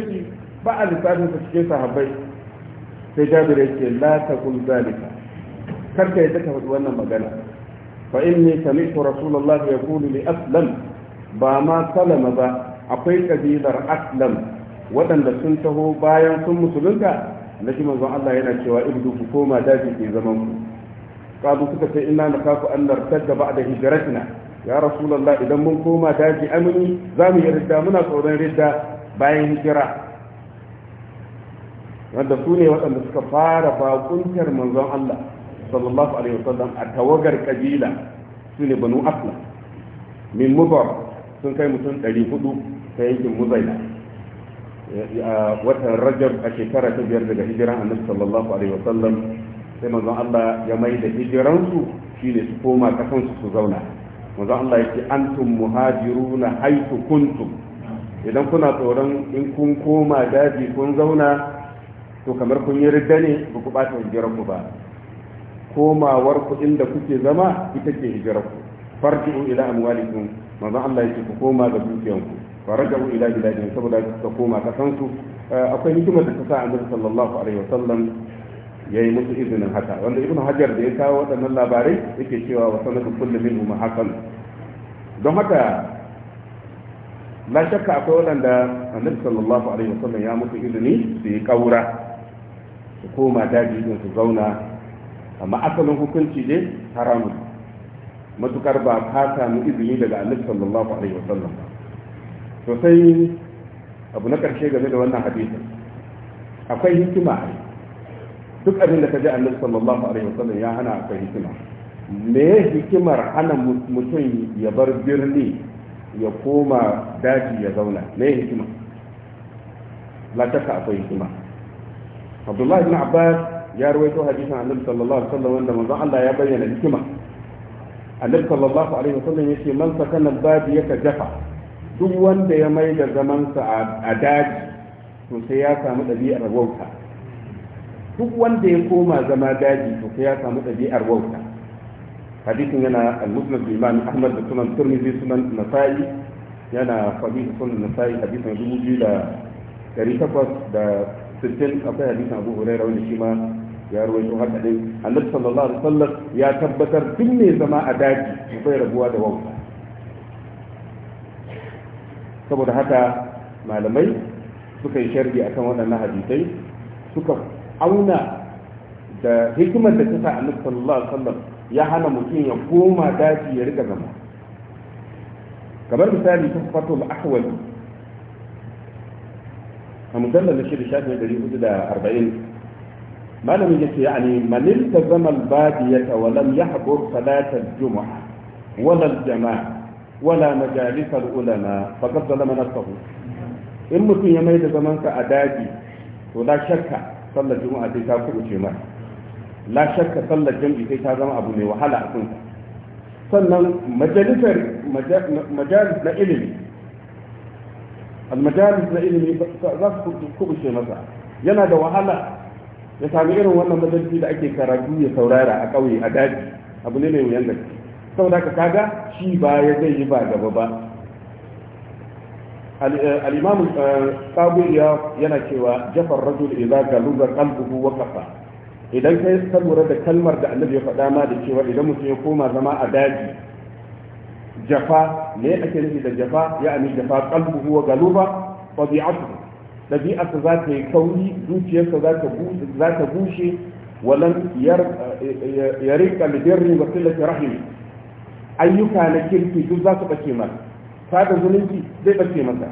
[SPEAKER 1] ba a lissafin sa cikin sahabbai sai jabir ya ce la taqul zalika karka yadda ka faɗi wannan magana fa inni sami'tu rasulullah yaqulu li aslam ba ma salama ba akwai kabilar aslam waɗanda sun taho bayan sun musulunta na ji manzon Allah yana cewa ibdu ku koma daji ke zaman ku kabu suka ce inna nakafu an da ba'da hijratina ya rasulullah idan mun koma daji amini za mu yi ridda muna tsoron ridda bayan hijira wanda su ne waɗanda suka fara bakuntar manzon Allah sallallahu alaihi wasallam a tawagar kabila su ne banu asla min mubar sun kai mutum 400 ta yankin muzaila a watan rajab a shekara ta biyar daga hijiran annabi sallallahu alaihi wasallam sai manzon Allah ya mai da hijiransu shine su koma kasansu su zauna manzo Allah yake antum muhajiruna haitu kuntum idan kuna tsoron in kun koma daji kun zauna to kamar kun yi ridda ne ba ku bata hijirar ku ba komawar ku inda kuke zama ita ke hijirar ku farji'u ila amwalikum manzo Allah yake ku koma ga dukiyanku faraja'u ila biladihim saboda ka koma ka san su eh, akwai hikimar da ta sa annabi sallallahu alaihi wasallam ya yi musu izinin haka wanda ibn hajar da ya kawo waɗannan labarai yake cewa wa sanadu kullu minhum haqqan don haka la shakka akwai waɗanda annabi sallallahu alaihi wasallam ya musu izini su yi kaura su koma daji din su zauna amma asalin hukunci dai haramun matukar ba ka samu izini daga annabi sallallahu alaihi wasallam to sai abu na karshe game da wannan hadisin akwai hikima a duk abin da ka ji annabi sallallahu alaihi wasallam ya hana ka hikima me hikimar hana mutum ya bar birni ya koma daji ya zauna me hikima la taka akwai hikima abdullahi ibn abbas ya rawaito hadisin annabi sallallahu alaihi wasallam wanda manzon Allah ya bayyana hikima annabi sallallahu alaihi wasallam yace man sakana babi yaka jafa duk wanda ya mai da zamansa a daji to sai ya samu ɗabi'ar wauta duk wanda ya koma zama daji to ya samu ɗabi'ar wauta hadisin yana al-muslim imam ahmad da sunan turmizi sunan nasa'i yana fadihu sunan nasa'i hadisin dubu biyu da dari takwas da sittin akwai hadisin abu hurairah wani shi ma ya har haka dai annabi sallallahu alaihi wasallam ya tabbatar duk mai zama a daji bai rabuwa da wauta saboda haka malamai suka yi sharhi akan waɗannan hadisai suka auna da hikimar da ta sa annabi sallallahu alaihi wasallam ya hana mutum ya koma daji ya riga zama kamar misali ta fatul ahwali a mujallar da shi da shafi ɗari hudu da arba'in malamin yake yani manil ta zama albadiyata wa lam yahbur salatar juma'a wala jama'a wala majalisar ulama faqad zalama nafsahu in mutum ya mai da zamansa a daji to da shakka sallar juma'a sai ta kubuce mai la shakka sallar jam'i sai ta zama abu mai wahala a kunsa sannan majalisar majalis na ilimi majalis na ilimi za su kubuce masa yana da wahala ya sami irin wannan majalisi da ake karatu ya saurara a ƙauye a daji abu ne mai wuyan gaske saboda ka kaga shi ba ya zai yi ba gaba ba Eh, al-imam qabiya eh, yana cewa jafar rajul idza galuga qalbuhu wa kafa idan kai ka lura da kalmar da annabi ya faɗa ma da cewa idan mutum ya koma zama a daji jafa me ake nufi da jafa ya ani jafa qalbuhu wa galuba tabi'atuhu dabi'arsa za ta yi kauri zuciyarsa za ta bushe walan eh, ya rika rahim ayyuka na kirki duk za su bace sada zumunci zai bace masa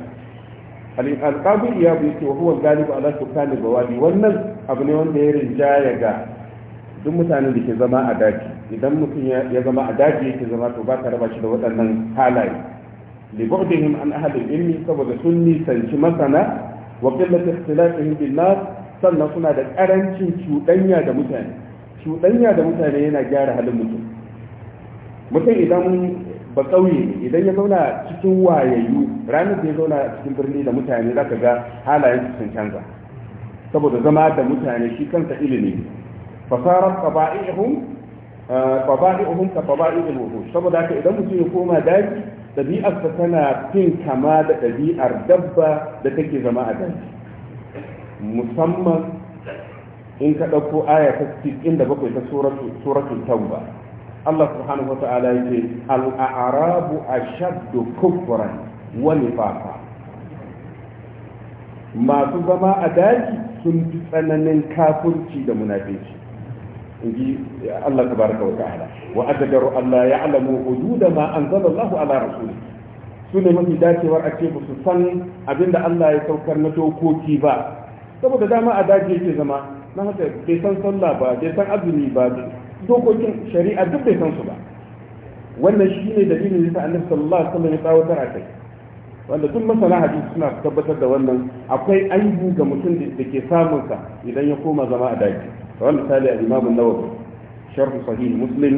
[SPEAKER 1] alƙabu iya bai ce wa huwa galibu ala sultani bawali wannan abu ne wanda ya rinjaya ga duk mutanen da ke zama a daji idan mutum ya zama a daji yake zama to ba ka raba shi da waɗannan halaye li bu'dihim an ahlil ilmi saboda sun nisanci masana wa qillati ikhtilafihim bin nas sannan suna da karancin cuɗanya da mutane cuɗanya da mutane yana gyara halin mutum mutum idan ba ƙauye idan ya zauna cikin wayayyu ranar da ya zauna cikin birni da mutane za ka ga halayen sun canza saboda zama da mutane shi kansa ilimi fasarar qaba'ihum qaba'ihum eh, ka qaba'il wuhush saboda haka idan mutum ya koma daji ɗabi'arsa tana fin kama da ɗabi'ar dabba da take zama a daji musamman in ka ɗauko aya ta bakwai ta suratul tauba Allah subhanahu wa ta'ala yake al-a'rabu ashaddu kufran masu zama a daji sun fi tsananin kafurci da munafici inji Allah tabaraka wa ta'ala wa adadaru Allah ya'lamu hududa ma anzala Allah ala rasulih su ne mafi dacewar a ce ba su san abinda Allah ya saukar na dokoki ba saboda dama a daji yake zama na bai san sallah ba bai san azumi ba dokokin shari'a duk bai san su ba wannan shi ne dalilin yasa annabi sallallahu alaihi wasallam ya tsawatar a kai wanda duk masana hadisi suna tabbatar da wannan akwai aibu ga mutum da ke samun sa idan ya koma zama a daji kamar misali a imamu nawawi sharh sahih muslim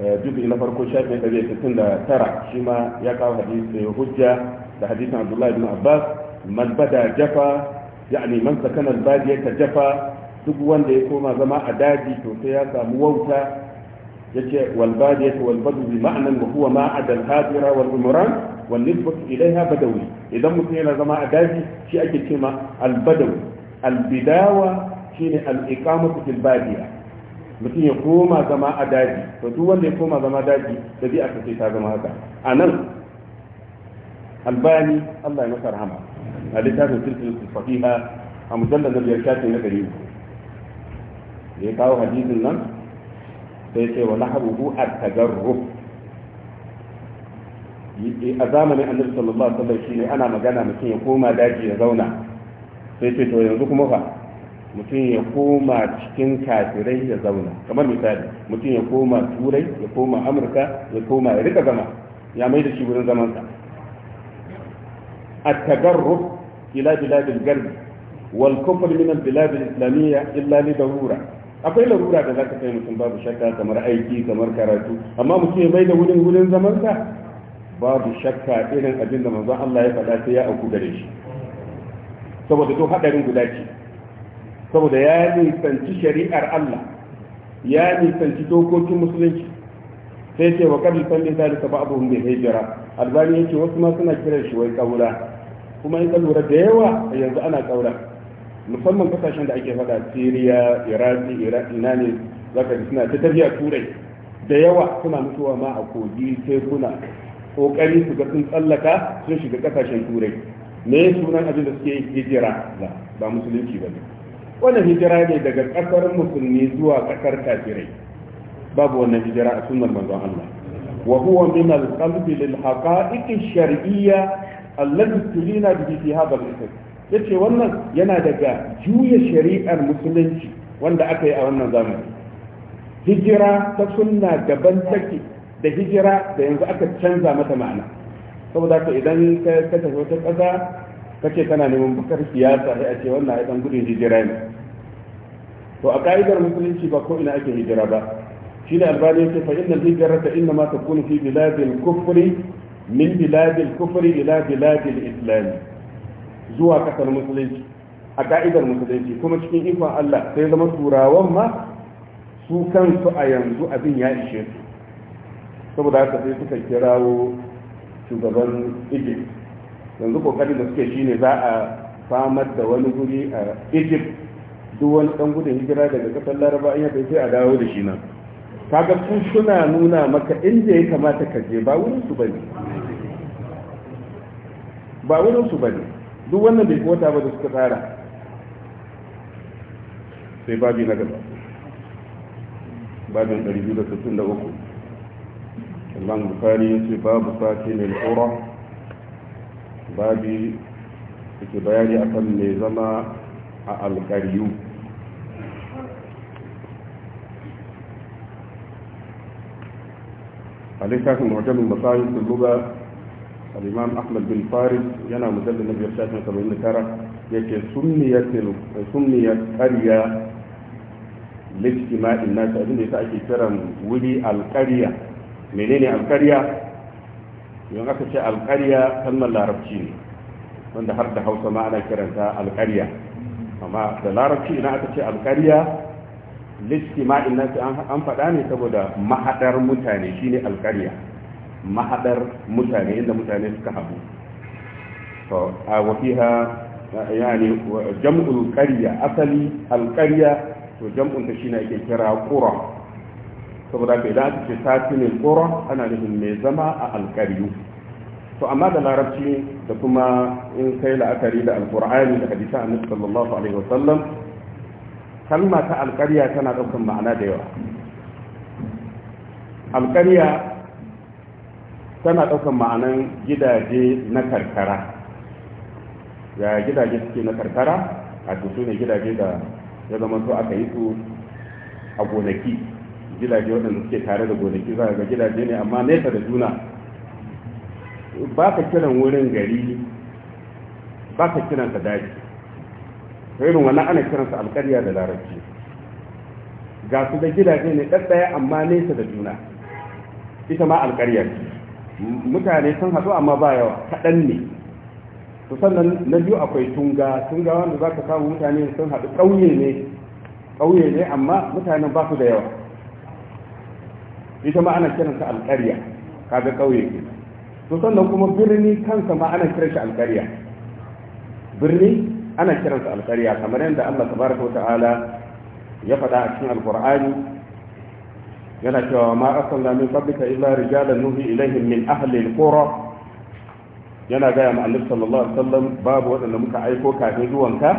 [SPEAKER 1] eh, juzu na farko shafin ɗari da tara shi ma ya kawo hadisi hujja da hadisin abdullahi ibn abbas man bada jafa ya'ni man sakana al-badiyata jafa duk wanda ya koma zama a daji to sai ya samu wauta yace wal badiyatu wal badu bi ma'nan wa huwa ma'ad al hadira wal umran wal nisbatu ilaiha badawi idan mutum yana zama a daji shi ake cewa al badawi al bidawa shine al iqamatu fil badiya mutum ya koma zama a daji to duk wanda ya koma zama daji da bi a ce ta zama haka anan albani Allah ya masa rahama a littafin silsilatul faqiha a mujallal na biyar shafin na gari da ya kawo hadisin nan sai ce wa nahabuhu at-tagarrub a zamanin annabi sallallahu alaihi wasallam shine ana magana mutum ya koma daji ya zauna sai ce to yanzu kuma fa mutum ya koma cikin kafirai ya zauna kamar misali mutum ya koma turai ya koma amurka ya koma ya rika zama ya mai da shi wurin zamansa التجرب إلى بلاد الجرب minan من البلاد الإسلامية إلا لضرورة akwai larura da za ka kai mutum babu shakka kamar aiki kamar karatu amma mutum ya mai da wurin wurin zamansa babu shakka irin abin da manzon Allah ya faɗa sai ya auku gare shi saboda to hadarin guda ce saboda ya nisanci shari'ar Allah ya nisanci dokokin musulunci sai ce wa kabi fanni zalika ba abu mai hijira albani yace wasu ma suna kiran shi wai kaura kuma in ka lura da yawa yanzu ana kaura musamman kasashen da ake faɗa syria iraki iraq ina ne zaka ji suna ta tafiya turai da yawa suna mutuwa ma a kogi tekuna kokari su ga sun tsallaka sun shiga kasashen turai me sunan abin da suke hijira ba musulunci ba ne wannan hijira ne daga kasar musulmi zuwa kasar kafirai babu wannan hijira a sunan manzon Allah wa huwa min al-qalbi lil haqa'iq ash-shar'iyya allati tulina bihi fi hadha al yace wannan yana daga juya shari'ar musulunci wanda aka yi a wannan zamani hijira ta sunna daban take da hijira da yanzu aka canza mata ma'ana saboda ka idan ka tafi wata ƙasa kake kana neman bakar siyasa sai a ce wannan ai gudun hijira ne to a ka'idar musulunci ba ko ina ake hijira ba shi ne albani yake fa innal hijrata innama takunu fi biladil kufri min biladil kufri ila biladil islami. zuwa kasar musulunci a ka'idar musulunci kuma cikin ikon Allah sai zama turawan ma su kansu a yanzu abin ya ishe su saboda haka sai suka kirawo shugaban egypt yanzu kokarin da suke shine za a samar da wani guri a egypt duk wani dan gudun hijira daga kasar laraba in ya sai a dawo da shi nan kaga su suna nuna maka inda ya kamata ka je ba wurin su ba wurin duk wannan bai kota ba da suka tsara sai babi na gaba babin 263 imam bukari ya ce babu sati mai tsora babi ke bayani a kan mai zama a alkariyu a littafin wajen masayin kulluga al ahmad bin faris yana mujallin nabiyar shafin saba'in ya ke sunniyar karya lishtima'in nasa abinda ya sa ake kiran wuri alkarya menene alkarya yin aka ce alkarya kalmar larabci ne wanda har da hausa ma ana kiranta alkarya amma da larabci ina aka ce alkarya lishtima'in nasa an faɗa ne saboda mahaɗar mutane shine alkarya alkariya mahadar mutane inda mutane suka haɗu to a wafiha yani jam'ul qarya asali alqarya to jam'un ta shine kira qura saboda ka idan aka ce ne qura ana nufin mai zama a alqaryu to amma da larabci da kuma in kai la'akari da alqur'ani da hadisan annabi sallallahu alaihi wasallam kalma ta alqarya tana ɗaukar ma'ana da yawa alqarya tana ɗaukar ma'anan gidaje na karkara ya gidaje suke na karkara a su ne gidaje da ya zama su aka yi su a gonaki gidaje waɗanda suke tare da gonaki za ga gidaje ne amma nesa da juna ba ka kiran wurin gari ba ka kiran ka daji irin wani ana kiran sa alkarya da larabci ga su da gidaje ne ɗaɗɗaya amma nesa da juna ita ma alkarya ce mutane sun haɗu amma ba yawa kaɗan ne to sannan na biyu akwai tunga tunga wanda za ka samu mutane sun haɗu ƙauye ne ƙauye ne amma mutanen ba su da yawa ita ma ana kiranta alƙarya kaga ƙauye ke to sannan kuma birni kansa ma ana kiran shi alƙarya birni ana kiransa alƙarya kamar yadda Allah tabaraka wa ta'ala ya faɗa a cikin alƙur'ani yana cewa ma asalna min qablika illa rijalan nuhi ilaihim min ahli alqura yana gaya ma annabi sallallahu alaihi wasallam babu waɗanda muka aiko kafin zuwanka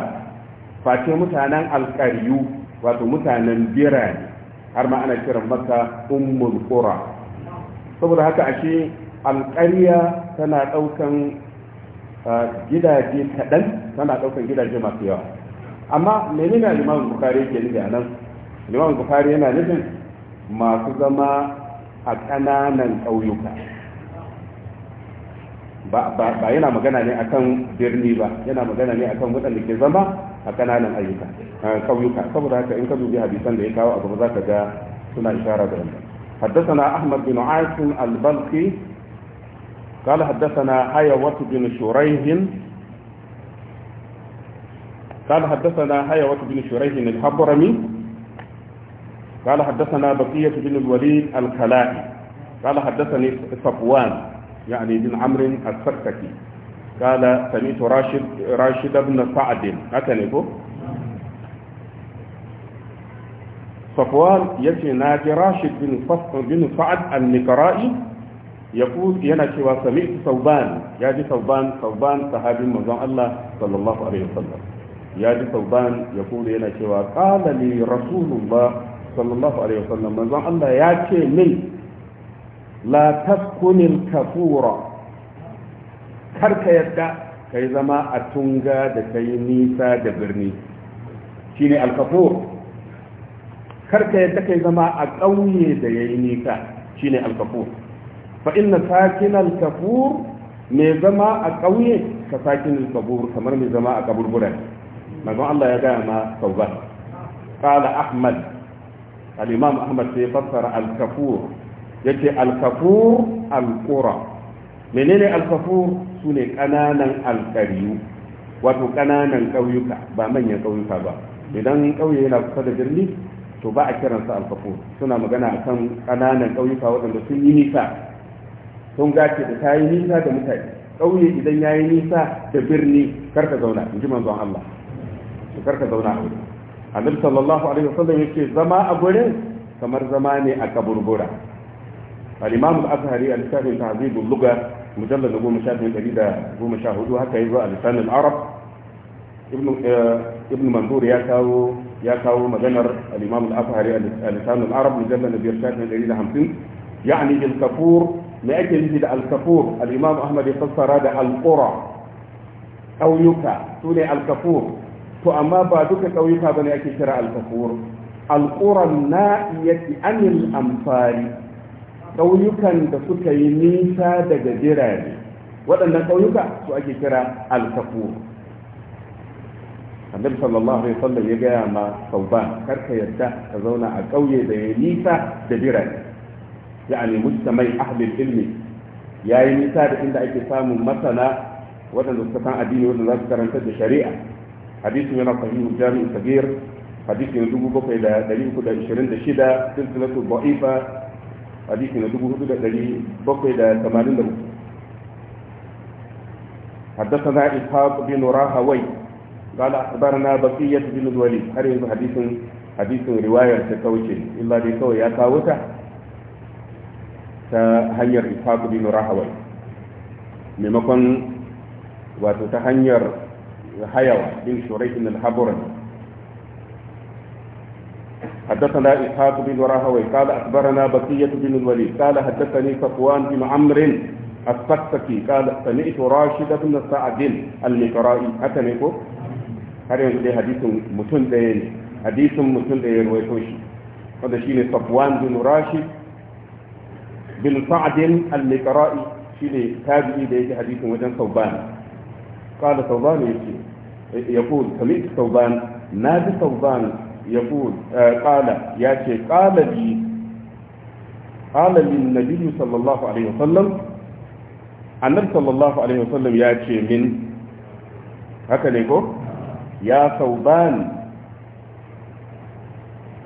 [SPEAKER 1] face mutanen alƙaryu wato mutanen birane har ma ana kiran maka ummul qura saboda haka ashe alƙarya tana ɗaukan gidaje kaɗan tana ɗaukan gidaje masu yawa amma menene limamin bukari ke nufi a nan limamin bukari yana nufin masu zama a ƙananan ƙauyuka ba yana magana ne akan birni ba yana magana ne akan waɗanda ke zama a ƙananan ayyuka ƙauyuka saboda haka in ka dubi hadisan da ya kawo a gaba za ka ga suna ishara da wannan حدثنا أحمد بن عاصم البلقي قال حدثنا حيوة بن شريح قال حدثنا حيوة بن شريح الحضرمي قال حدثنا بقية بن الوليد الخلائي قال حدثني صفوان يعني بن عمرو السكتكي قال سمعت راشد راشد بن سعد أتني صفوان يجي ناجي راشد بن بن سعد النقرائي يقول ينا شوى سمعت ثوبان ياجي ثوبان ثوبان صحابي مزون الله صلى الله عليه وسلم ياجي ثوبان يقول ينا شوى قال لي رسول الله sallallahu alaihi wasallam manzon Allah ya ce min la taskunil kafura kar ka yadda ka yi zama a tunga da ka yi nisa da birni shine al alkafur kar ka yadda ka yi zama a ƙauye da ya yi nisa shine alkafur fa inna sakinal kafur mai zama a ƙauye ka sakinal kafur kamar mai zama a kaburburan manzon Allah ya gaya ma sauban qala ahmad al-imam ahmad sai fassara al-kafur yace al-kafur menene al-kafur sune kananan alƙariyu wato kananan ƙauyuka ba manyan ƙauyuka ba idan ƙauye yana kusa da birni to ba a kiransa al-kafur suna magana kan kananan ƙauyuka waɗanda sun yi nisa sun gace da ta nisa da mutane ƙauye idan ya nisa da birni karka zauna in ji manzon Allah karka zauna a wuri annabi sallallahu alaihi wasallam yake zama a gure kamar zama ne a kaburbura al-imam al-azhari al-shafi ta'zib al-lugha mujallad 10 haka yazo al-lisan al-arab ibn ibn mandur ya kawo ya kawo maganar al-imam al-azhari al-lisan al-arab mujallad 150 yani bil kafur me ake nufi da al-kafur al-imam ahmad ya fassara da al-qura ƙauyuka su ne al-kafur to amma ba duka ƙauyuka ba ne ake kira alkafur alƙuran na'iyati anil amfani ƙauyukan da suka yi nisa daga birane waɗannan ƙauyuka su ake kira alkafur annabi sallallahu alaihi sallam ya gaya ma sauban karka yadda ka zauna a ƙauye da ya nisa da birane ya'ani mustamai ahlul ilmi yayi nisa da inda ake samun masana waɗanda suka san addini waɗanda za su karanta da shari'a hadisin yana sahihu jami'u kabir hadisi na dubu bakwai da dari uku da ishirin da shida silsilatu ba'ifa hadisi na dubu hudu da dari bakwai da da حدثنا إسحاق بن راهوي قال أخبرنا بقية بن الوليد هل حديث حديث رواية تكوشي إلا دي كوي أتاوتا تهنير إسحاق maimakon wato ta hanyar. حيوان بن شريح الحبرني حدثنا اسحاق بن راهوي قال اخبرنا بقيه بن الوليد قال حدثني صفوان بن عمرو السقسقي قال سمعت راشد بن سعد المقرائي اتنيك هذا دي حديث متندين حديث متندين ويتوشي هذا شيء صفوان بن راشد بن سعد المقرائي شيء تابعي دي حديث مجن صوباني قال ثوبان يقول سمعت ثوبان نادي ثوبان يقول آه قال ياتي قال لي قال لي النبي صلى الله عليه وسلم النبي صلى الله عليه وسلم ياتي من هكذا يقول يا ثوبان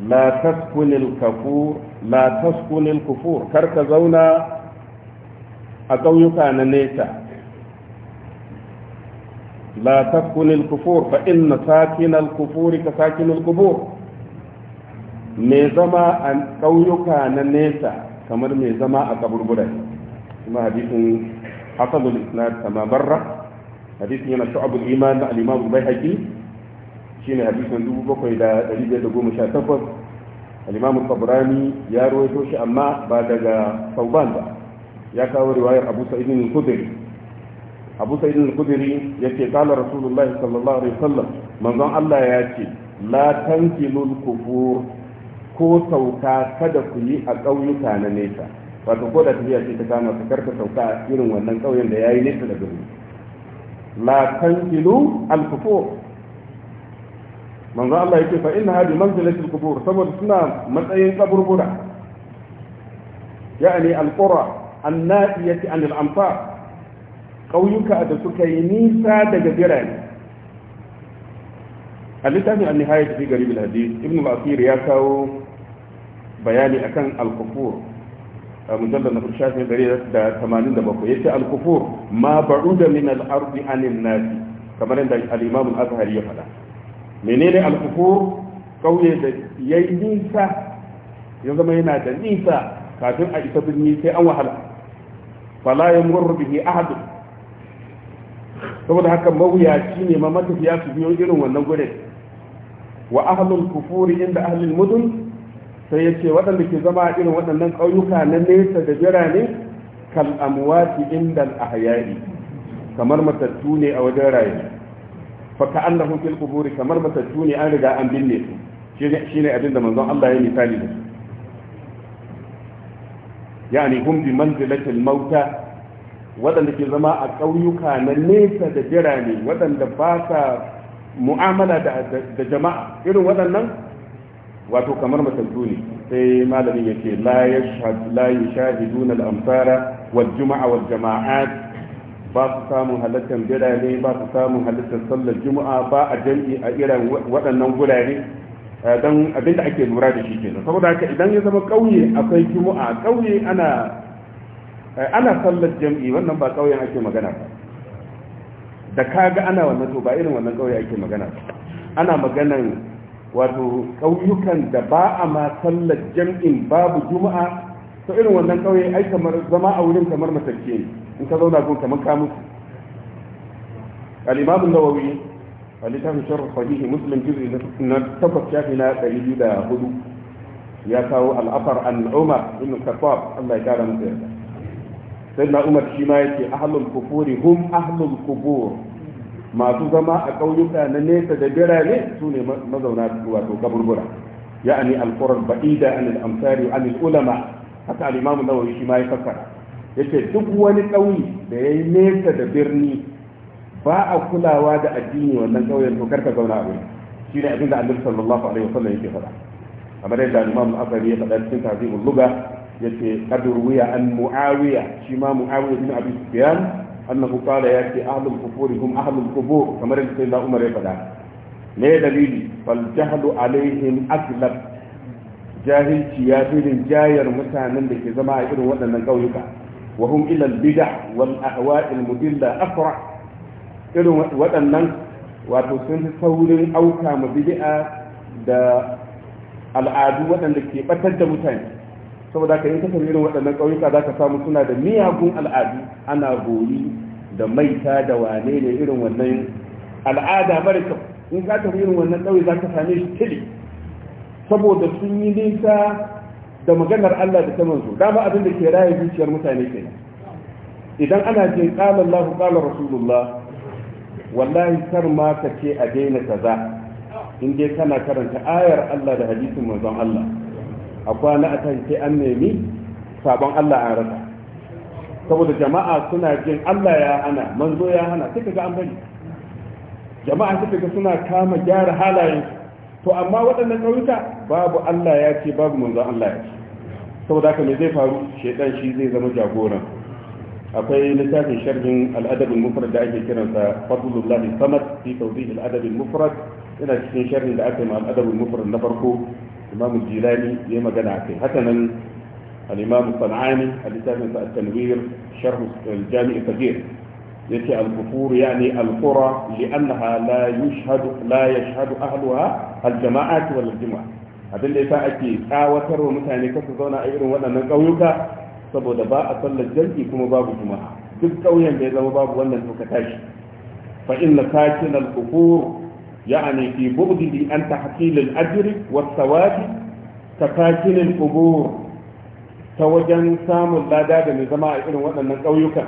[SPEAKER 1] لا تسكن الكفور لا تسكن الكفور كرك زونا أقويك أنا نيتا la takun al-kufur fa inna sakin al-kufuri ka sakin me zama a kauyuka na nesa kamar me zama a kaburburai kuma hadisin hasanul isnad kama barra hadisin yana shu'abul iman na al-imam al-baihaqi shine hadisin الإمام الطبراني يروي أما بعد ثوبان يا كاو رواية أبو سعيد الخدري abu sa'id al ya yace qala rasulullahi sallallahu alaihi wasallam manzon Allah ya ce la tankilul kufur ko sauka kada ku yi a ƙauyuka na nesa wato ko da tafiya ce ta kama ka karka sauka a irin wannan ƙauyen da yayi nesa daga mu la tankilu al-kufur manzo Allah yake fa inna hadi manzilatul qubur saboda suna matsayin kaburbura yani al-qura annatiyati anil amsar ƙauyuka da suka yi nisa daga birane a littafin an nihaya fi garibin hadis ibn al-asir ya kawo bayani akan al-kufur a mujallar na shafin dare da tamanin da bakwai yace al-kufur ma ba'uda min al-ardi anin nasi kamar yadda al-imam al-azhari ya faɗa menene al-kufur kauye da yi nisa ya zama yana da nisa kafin a isa birni sai an wahala fala yamurru bihi ahadun saboda haka mawuyaci ne ma matafiya su biyo irin wannan gudun wa ahlul kufuri inda ahlul mudun sai ya ce waɗanda ke zama a irin waɗannan ƙauyuka na nesa da birane kal amwati inda al kamar matattu ne a wajen rayu fa ka annahu fil quburi kamar matattu ne an riga an binne su shine abin da manzon Allah ya misali da su yani hum bi manzilatil mauta waɗanda ke zama a ƙauyuka na nesa da birane waɗanda ba sa mu'amala da jama'a irin waɗannan wato kamar matattu ne sai malamin ya ce la ya shahiduna al'amsara wal juma'a wal ba su samun halittar birane ba su samun halittar sallar juma'a ba a jam'i a irin waɗannan gurare eh, don abinda ake lura da shi kenan saboda haka idan ya zama ƙauye akwai juma'a ƙauye ana Eh, ana sallar jam'i wannan ba kauyen ake magana ba da kaga ana wannan to ba irin wannan kauye ake magana ba ana maganan wato kauyukan da ba a ma sallar jam'in babu juma'a to irin wannan kauye ai kamar zama a wurin kamar matarke ne in ka zauna gun kamar ka mutu al-imam an-nawawi a littafin sharh sahih muslim juz'i na takwas shafi na 204 ya kawo al-afar an umar ibn khattab Allah ya kara masa yarda na umar shi ma yake ahlul kufuri hum ahlul kubur masu zama a ƙauyuka na nesa da birane su ne mazauna wato kaburbura ya'ani alquran ba'ida an al-amsari an al haka al-imam nawawi shi ma ya fassara yace duk wani ƙauyi da yayi nesa da birni ba a kulawa da addini wannan ƙauyen to karka zauna a wurin shine abin da annabi sallallahu alaihi wasallam yake faɗa kamar yadda al akari ya faɗa cikin tahzibul lugha yace kadur wiya an muawiya shi ma muawiya bin abi sufyan annahu qala yati ahlul kufuri hum ahlul qubur kamar da sayyidina umar ya faɗa me dalili fal jahlu alaihim aglab jahilci ya fi jayar mutanen da ke zama a irin waɗannan ƙauyuka wa hum ila al bid'a wal ahwa'il mudilla afra irin waɗannan wato sun fi saurin auka ma bid'a da al'adu waɗanda ke batar da mutane saboda ka yi ta irin waɗannan ƙauyuka za ka samu suna da miyagun al'adu ana goyi da maita da wane ne irin wannan al'ada mara kyau in ka tafi irin wannan ƙauye za ka same shi tili saboda sun yi nisa da maganar Allah da ta manzo dama abin da ke raye zuciyar mutane ke. idan ana jin qala Allah qala Rasulullah wallahi kar ma ka ce a daina kaza in dai kana karanta ayar Allah da hadisin manzon Allah a kwana a kan sai an nemi sabon Allah an rasa saboda jama'a suna jin Allah ya hana manzo ya hana suka ga an bari jama'a suka ga suna kama gyara halayen to amma waɗannan ƙauyuka babu Allah ya ce babu manzo Allah ya ce saboda haka me zai faru shedan shi zai zama jagoran akwai littafin sharhin al'adab al-mufrad da ake kiransa fadlullahi samad fi tawdih al'adab al-mufrad ina cikin sharhin da ake yi ma al'adar al-mufrad na farko imamu jilani ya yi magana kai haka nan al-imam a littafin sa at-tanwir sharh al-jami' kabir yace al-kufur yani al-qura li'annaha la yushhadu la yashhadu ahluha al-jama'at wal jumu'a abin da yasa ake tsawatar wa mutane kasu zauna a irin waɗannan ƙauyuka saboda ba a sallar jam'i kuma babu juma'a duk ƙauyen da ya zama babu wannan to ka tashi fa inna sakin al-kufur يعني في بغضه عن تحصيل الأجر والثواب كساكن القبور توجن سام لا داد من زماء إلهم وأن قويك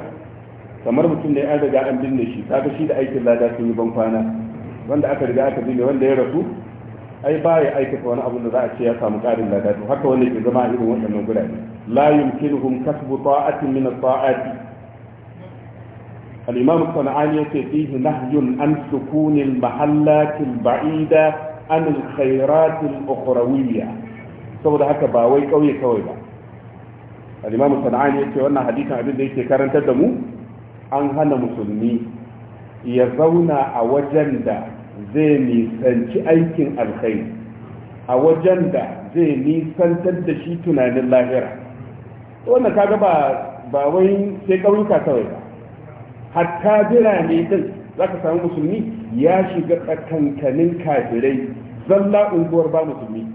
[SPEAKER 1] kamar mutum da ya riga an binne shi kaga shi da aikin lada sun yi bankwana wanda aka riga aka binne wanda ya rasu ai ba ya aikata wani abu da za a ce ya samu karin lada to haka wanda ke zama irin waɗannan gurare la yumkinuhum kasbu ta'atin min at-ta'ati الإمام الصنعاني فيه نهي عن سكون المحلات البعيدة عن الخيرات الأخروية saboda haka ba wai kauye kawai ba al-imamu sana'ani yace wannan hadisin abin da yake karantar da mu an hana musulmi ya zauna a wajen da zai nisanci aikin alkhairi a wajen da zai nisantar da shi tunanin lahira wannan kaga ba ba wai sai kawai hatta birane din za ka samu musulmi ya shiga tsakankanin kafirai zalla unguwar ba musulmi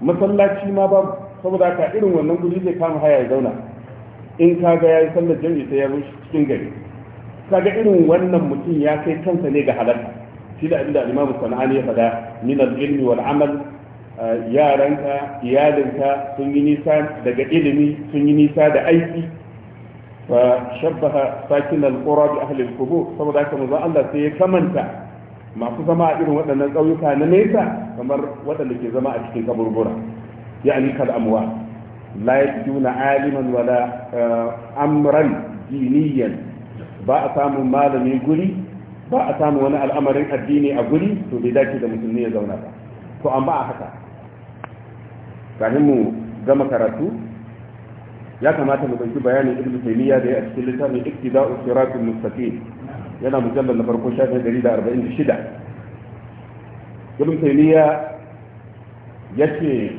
[SPEAKER 1] masallaci ma ba saboda ka irin wannan guri zai kama haya ya zauna in ka ga yi sallar jami'i sai ya zo cikin gari ka ga irin wannan mutum ya kai kansa ne ga halarta shi da abinda alimamu sana'ani ya fada min al-ilmi wal amal yaranka iyalinka sun yi nisa daga ilimi sun yi nisa da aiki fa shabbaha sakin al-qura bi ahli al-qubur saboda haka manzo Allah sai ya kamanta masu zama a irin waɗannan ƙauyuka na nesa kamar waɗanda ke zama a cikin kaburbura ya'ni kal amwa la yajuna aliman wala amran diniyan ba a samun malami guri ba a samun wani al'amarin addini a guri to bai dace da musulmi ya zauna ba Ko an ba a haka kafin mu gama karatu ya kamata mu ɗauki bayanin ibnu taymiya da ya a cikin littafin iktida'u siratul mustaqim yana mujallal na farko shafin 146 ibnu taymiya yace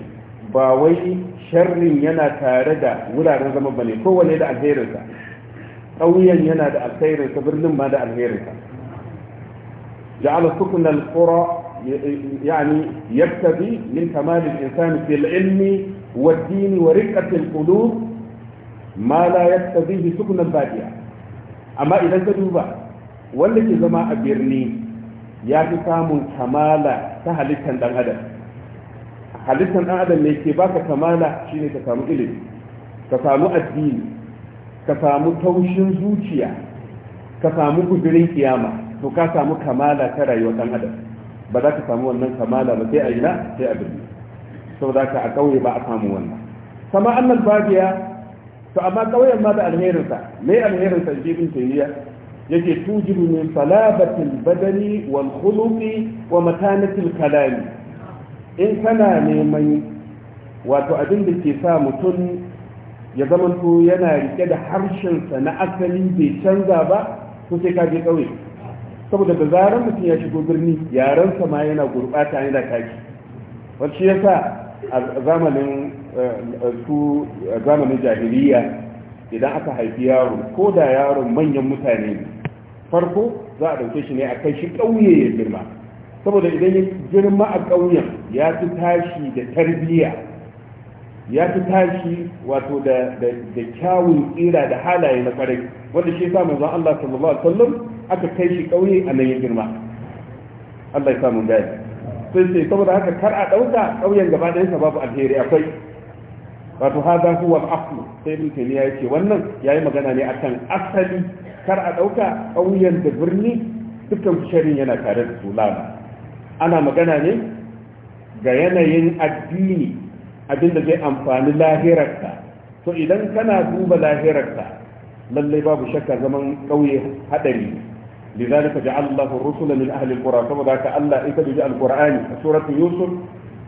[SPEAKER 1] ba wai sharrin yana tare da wuraren zama bane kowanne da alherinsa ƙauyen yana da alherinsa birnin ma da alherinsa ja'ala sukun al-qura يعني يبتدي من كمال الإنسان في العلم والدين ورقة القلوب ma la yaqtadihi sukunan badiya amma idan ka duba wanda ke zama a birni ya fi samun kamala ta halittar dan adam halittar dan adam ne ke baka kamala shine ka samu ilimi ka samu addini ka samu taushin zuciya ka samu kudirin kiyama to ka samu kamala ta rayuwar dan adam ba za ka samu wannan kamala ba sai a ina sai a birni saboda ka a kauye ba a samu wannan sama annal babiya to amma ƙauyen ma da alherinsa me alherinsa jibin tayyiya yake tujibu min salabatil badani wal khuluqi wa matanatil kalami in kana neman wato abin da ke sa mutum ya zamanto yana rike da harshen harshensa na asali bai canza ba ko sai ka je ƙauye saboda da zarar mutum ya shigo birni yarensa ma yana gurɓata yana kaki wacce yasa a zamanin eh, su jahiliya idan aka haifi yaro ko da yaron manyan mutane farko za a dauke shi ne a kai shi ƙauye ya girma saboda idan ya girma a ƙauyen ya fi tashi da tarbiyya ya fi tashi wato da kyawun tsira da halaye na kwarai wanda shi sa manzon Allah sallallahu alaihi wasallam aka kai shi ƙauye a nan ya girma Allah ya samu gani sai ce saboda haka kar a ɗauka ƙauyen gaba sa babu alheri akwai wato hada huwa al sai ibn taymiya yace wannan yayi magana ne akan asali kar a ɗauka ƙauyen da birni dukkan sharin yana tare da su ana magana ne ga yanayin addini abinda zai amfani lahirarka to idan kana duba lahirarka lallai babu shakka zaman ƙauye haɗari لذلك جعل الله الرسل من أهل القرى فبذاك الله إذا القرآن سورة يوسف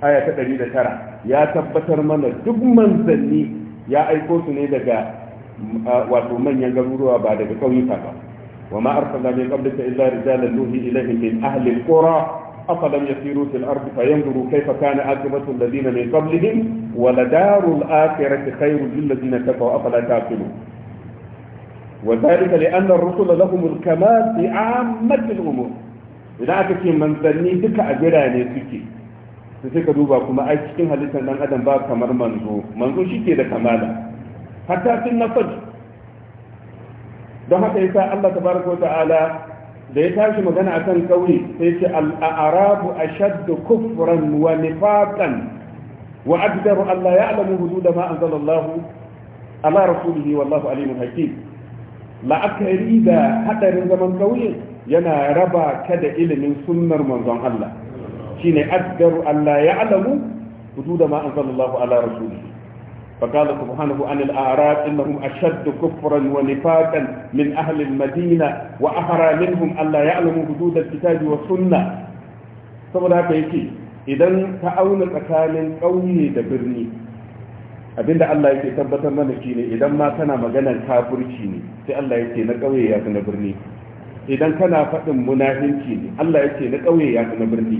[SPEAKER 1] aya ta ɗari da tara ya tabbatar mana duk manzanni ya aiko su ne daga wato manyan garuruwa ba daga ƙauyuka ba wa ma ila min qablika illa rijalan nuhi ilaihim min ahli alqura afalam yasiru fil ardi fayanzuru kayfa kana aqibatu alladhina min qablihim wa ladarul akhirati khayrun lil ladzina taqaw afala taqilun وذلك لأن الرسل لهم الكمال في عامة الأمور إذا أكت من ذني بك أجراني سكي sai ka duba kuma ai cikin halittar dan adam ba kamar manzo manzo shi ke da kamala hatta sun na faji don haka yasa Allah tabaraka wa ta'ala da ya tashi magana akan kauri sai ce a arabu ashaddu kufran wa nifaqan wa aqdaru an la ya'lamu hudud ma anzala Allah ala rasulihi wallahu alimun hakim la'akari da haɗarin zaman ƙauye yana raba ka da ilimin sunnar manzon Allah shine addaru Allah ya alamu da ma anzalallahu ala rasulihi فقال سبحانه عن الأعراب إنهم أشد كفرا ونفاقا من أهل المدينة وأحرى منهم ألا يعلموا حدود الكتاب والسنة saboda haka yake idan ka auna tsakanin ƙauye da birni abinda Allah yake tabbatar mana shi ne idan ma kana maganar kafirci ne sai Allah yake na ƙauye ya fi na birni idan kana faɗin munafinci ne Allah yake na ƙauye ya fi na birni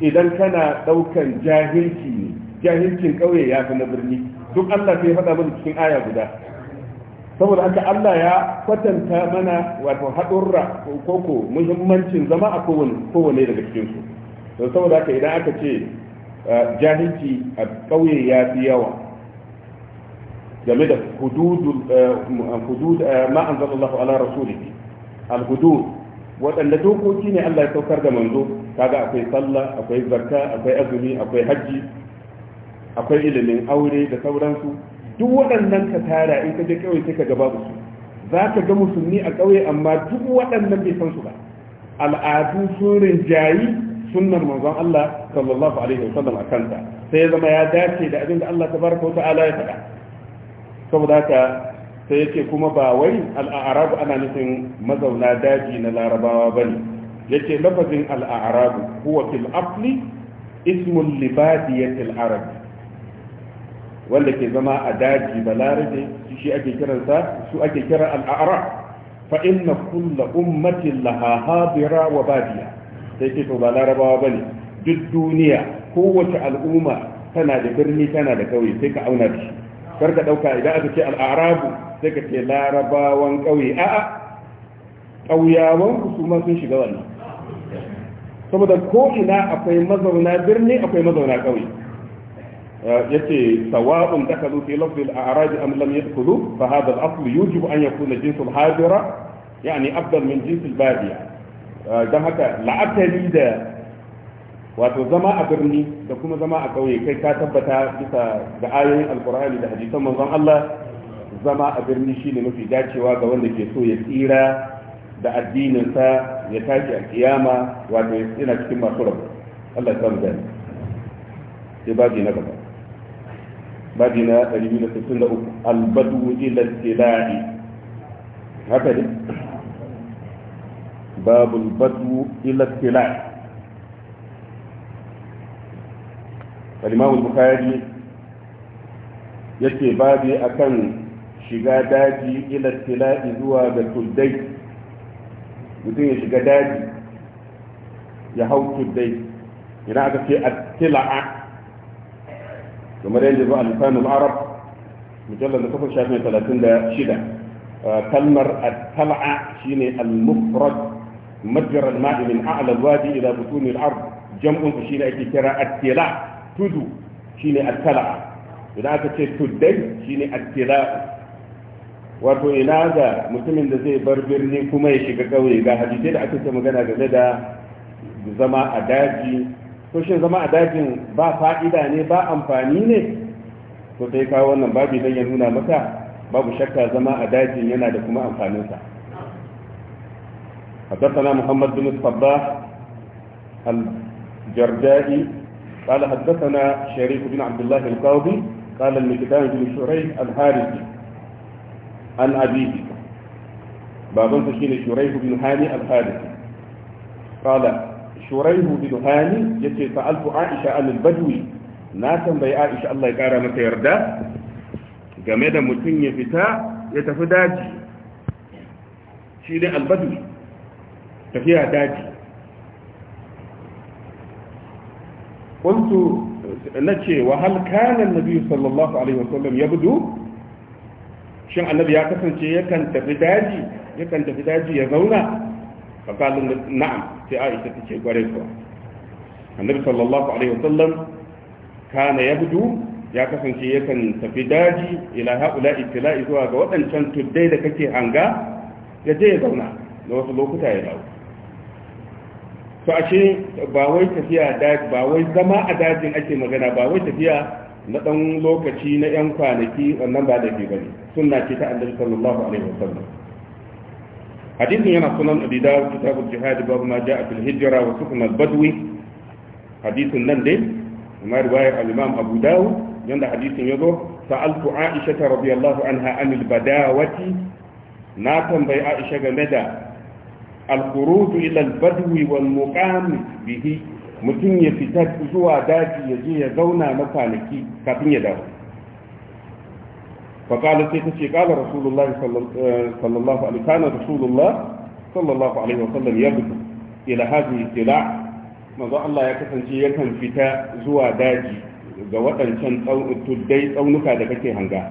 [SPEAKER 1] idan kana ɗaukan jahilci ne jahilcin ƙauye ya fi na birni duk Allah sai faɗa mana cikin aya guda saboda haka Allah ya kwatanta mana wato haɗurra koko muhimmancin zama a kowane kowane daga cikin su saboda haka idan aka ce eh, jahilci a ƙauye ya fi yawa game da hudud eh, eh, ma anzalallahu ala rasulihi al hudud waɗanda dokoki ne Allah ya saukar da manzo kaga akwai sallah akwai zakka akwai azumi akwai hajji akwai ilimin aure da sauransu duk waɗannan ka tara in ka je kawai sai ka ga babu su za ka ga musulmi a ƙauye amma duk waɗannan bai san su ba al'adu sun rinjayi sunnar manzon Allah sallallahu alaihi wasallam a kanta sai ya zama ya dace da abin da Allah tabaraka wa ta'ala ya faɗa saboda haka sai yake kuma ba wai al'arabu ana nufin mazauna daji na larabawa ba ne yake lafazin al'arabu huwa fil afli ismun libadiyatil arab wanda ke zama a daji balarabe shi ake kiransa su ake kira al'arab fa inna kulla ummatin laha habira wa badiya sai ce to ba larabawa ba ne duk duniya kowace al'umma tana da birni tana da kauye sai ka auna da shi kar ka dauka idan aka ce al'arabu sai ka ce larabawan ƙauye a'a ƙauyawan su ma sun shiga wannan saboda ko ina akwai mazauna birni akwai mazauna ƙauye yace sawa'un dakalu fi lafzi al-a'raj am lam yadkhulu fa hadha da asl yujibu an ya kuna al-hadira yani afdal min jins al-badiya don haka la'akari da wato zama a birni da kuma zama a ƙauye kai ka tabbata bisa ga ayoyin alkur'ani da hadisan manzon Allah zama a birni shine mafi dacewa ga wanda ke so ya tsira da addininsa ya tashi a kiyama wato yana cikin masu rabu Allah ya samu gani sai babi na gaba babi na 263 albadu ila tilai haka ne babul badu ila tilai الإمام البخاري يكي بابي أكن شغا داجي إلى التلاء ذوى بالتلدي يتين شغا داجي يهو تلدي هنا في التلاء ثم رينجي ذوى الإنسان العرب مجلد لكفر شافين ثلاثين دا شدا آه، كلمر التلاء شيني المفرد مجرى الماء من أعلى الوادي إلى بطون الأرض جمع أشيلة كرا التلاء tudu shine tala, idan aka ce tuddai shine attila wato ina ga mutumin da zai bar birni kuma ya shiga kauye ga hadisai da aka ce magana game da zama a daji to shin zama a dajin ba fa'ida ne ba amfani ne to sai kawo wannan babi don ya nuna maka babu shakka zama a dajin yana da kuma amfaninsa حدثنا محمد بن الصباح الجرجائي قال حدثنا شريك بن عبد الله القاضي قال المكتان بن شريح الحارثي عن أبيه بابن تشين شريح بن هاني الحارثي قال شريح بن هاني يتي سألت عائشة عن البدوي ناسا بي عائشة الله يقارى متى يردا game da mutum ya fita ya tafi daji shi ne albadu tafiya daji qultu nace wa hal kana annabi sallallahu alaihi wasallam yabdu shin ya kasance yakan tafi daji tafi daji ya zauna fa qala na'am sai aisha tace kware kuwa annabi sallallahu ya kasance yakan tafi daji ila haula ittila'i zuwa ga waɗancan tuddai da kake hanga ya je ya zauna da wasu lokuta ya dawo to ashe ba wai tafiya daji ba wai zama a dajin ake magana ba wai tafiya na dan lokaci na yan kwanaki wannan ba da ba ne sunna ce ta annabi sallallahu alaihi wasallam Hadithin yana sunan abi dawud kitabul jihad babu ma ja'a fil hijra wa sukun al badwi hadisin nan dai kuma riwayar al imam abu dawud yanda hadisin yazo sa'altu aisha radiyallahu anha anil badawati na tambayi aisha game da alkurudu ilal badwi wal muqam bihi mutum ya fita zuwa daji ya je ya zauna na kwanaki kafin ya dawo فقال sai ta ce, الله صلى sallallahu alaihi wa رسول الله صلى الله عليه وسلم يغدو إلى هذه السلاع manzo Allah ya kasance yakan fita zuwa daji ga waɗancan tuddai tsaunuka da kake hanga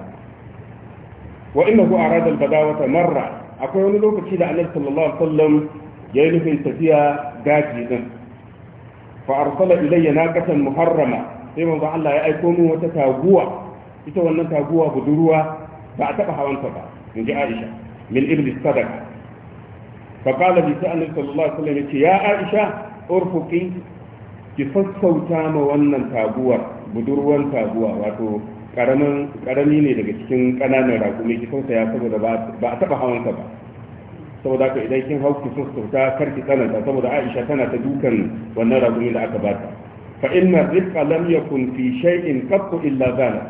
[SPEAKER 1] wa innahu arada al-badawata marra akwai wani lokaci da annabi sallallahu alaihi wasallam ya yi nufin tafiya daji din fa arsala ilayya naqatan muharrama sai manzo Allah ya aiko min wata taguwa ita wannan taguwa budurwa ba a taba hawanta ba in ji Aisha min iblis sadaka. fa qala bi annabi sallallahu alaihi wasallam ya ce ya Aisha urfuki ki sassauta ma wannan taguwar budurwan taguwa wato karamin karami ne daga cikin kananan raƙumi ki tausaya saboda ba a hawan hawansa ba saboda haka idan kin hau ki sassauta kar ki tsananta saboda Aisha tana ta dukan wannan raƙumi da aka bata fa inna rifqa lam yakun fi shay'in qattu illa zana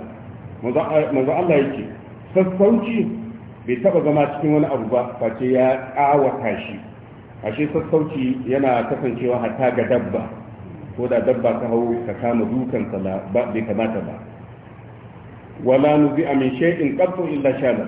[SPEAKER 1] manzo Allah yake sassauci bai taba zama cikin wani abu ba face ya kawata shi ashe sassauci yana kasancewa hatta ga dabba ko da dabba ka hau ka kama dukan ba bai kamata ba wala nuzi'a min shay'in qattu illa shana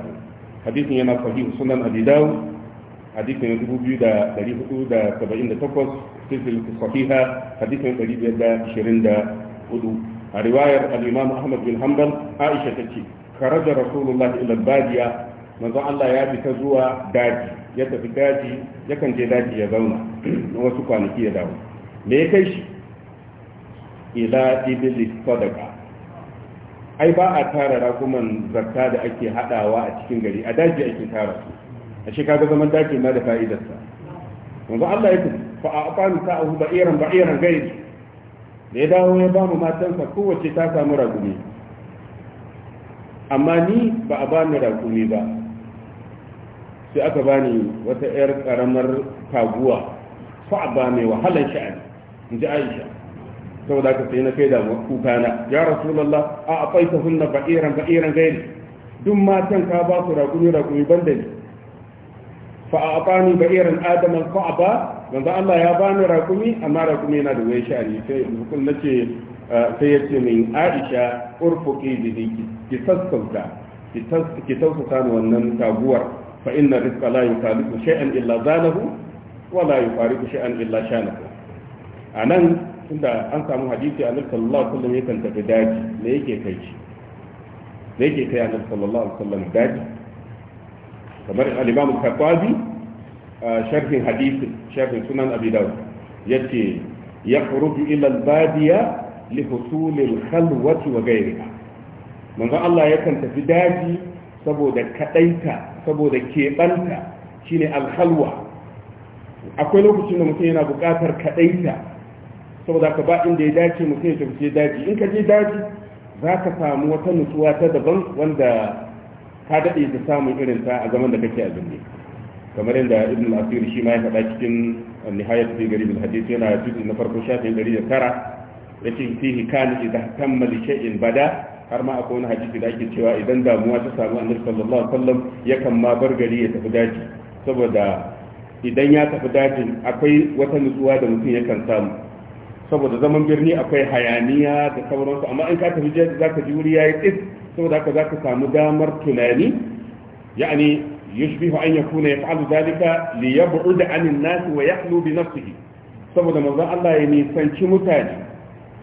[SPEAKER 1] hadisin yana sahih sunan dubu biyu da hudu abi dawud hadisin 2478 silsilah sahiha hadisin 524 a riwayar al-imam ahmad bin hanbal aisha ta tace karaja rasulullahi ila badiya manzon Allah ya fita zuwa daji ya tafi daji yakan je daji ya zauna wasu kwanaki ya dawo me ya kai shi ila iblis sadaqa ai ba a tara rakuman zakka da ake hadawa a cikin gari a daji ake tara su a shi zaman daji ma da fa'idarsa yanzu Allah ya fa a afani sa'ahu ba'iran ba'iran gairi da ya dawo ya ba mu matansa kowace ta samu ragumi amma ni ba a bani ragumi ba sai aka bani wata 'yar karamar taguwa. fa a ba mai wahalar sha'ani in ji aisha saboda ka sai na kai da kuka na ya rasulullah a afaita hunna ba'iran ba'iran gairi duk matan ka ba su rakumi rakumi banda ni fa a afani ba'iran adaman fa'aba yanzu Allah ya bani rakumi amma rakumi yana da wai shari sai hukun eh, ce sai yace min Aisha urfuqi bidiki ki sassauta ki tausasa wannan taguwar fa inna rizqa la yukalifu shay'an illa zalahu wa la yufariqu shay'an illa shanahu anan tunda an samu hadisi a nufin sallallahu alaihi wasallam yakan tafi daji Me yake kai shi Me yake kai a nufin sallallahu alaihi wasallam daji kamar al-imam kakwazi sharhin hadisi sharhin sunan abi dawud yace yakhruju ila al-badiya li husul al-khalwati wa ghayriha manzo Allah yakan tafi daji saboda kadaita saboda keɓanta shine al-khalwa akwai lokacin da mutum yana buƙatar kadaita saboda ka ba inda ya dace mutum ya tafi daji in ka je daji za ka samu wata nutsuwa ta daban wanda ka daɗe da samun irin ta a zaman da kake a zunne kamar yadda ibn al-asir shi ma ya faɗa cikin nihayat fi garib hadith yana juzu na farko shafin gari da tara yace fihi kana idha tamma shay'in bada har ma akwai wani hadisi da ake cewa idan damuwa ta samu annabi sallallahu alaihi wasallam yakan ma bar gari ya tafi daji saboda idan ya tafi dajin akwai wata nutsuwa da mutum yakan samu saboda zaman birni akwai hayaniya da sauransu amma in ka tafi jeji za ka ji wuri ya yi tsit saboda haka za ka samu damar tunani ya'ani yushbihu an yakuna yaf'alu dhalika li yab'ud 'anil nas wa yahlu bi nafsihi saboda manzon Allah ya nisanci mutane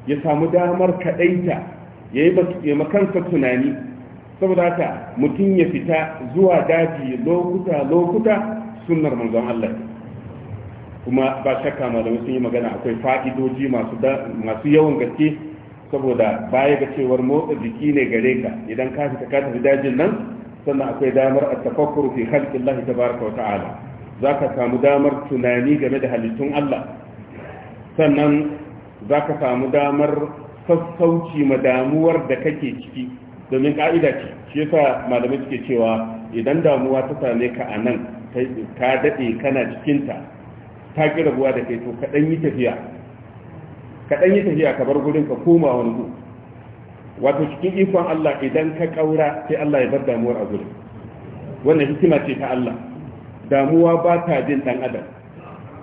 [SPEAKER 1] ya samu damar kadaita yayi ya makansa tunani saboda haka mutum ya fita zuwa daji lokuta lokuta sunnar manzon Allah kuma ba shakka malamai sun yi magana akwai fa'idoji masu yawan gaske saboda baya ga cewar motsa jiki ne gare ka idan ka fita ka tafi dajin nan sannan akwai damar a tafakkur fi ta tabaraka wa ta'ala zaka samu damar tunani game da halittun Allah sannan zaka samu damar sassauci ma damuwar da kake ciki domin ka'ida ce shi yasa malamai suke cewa idan damuwa ta same ka a nan ka daɗe kana cikinta ta ki rabuwa da kai to ka yi tafiya ka yi tafiya ka bar gurin ka koma wani wato cikin ikon Allah idan ka kaura sai Allah ya bar damuwar a gurin wannan hikima ce ta Allah damuwa ba ta jin ɗan adam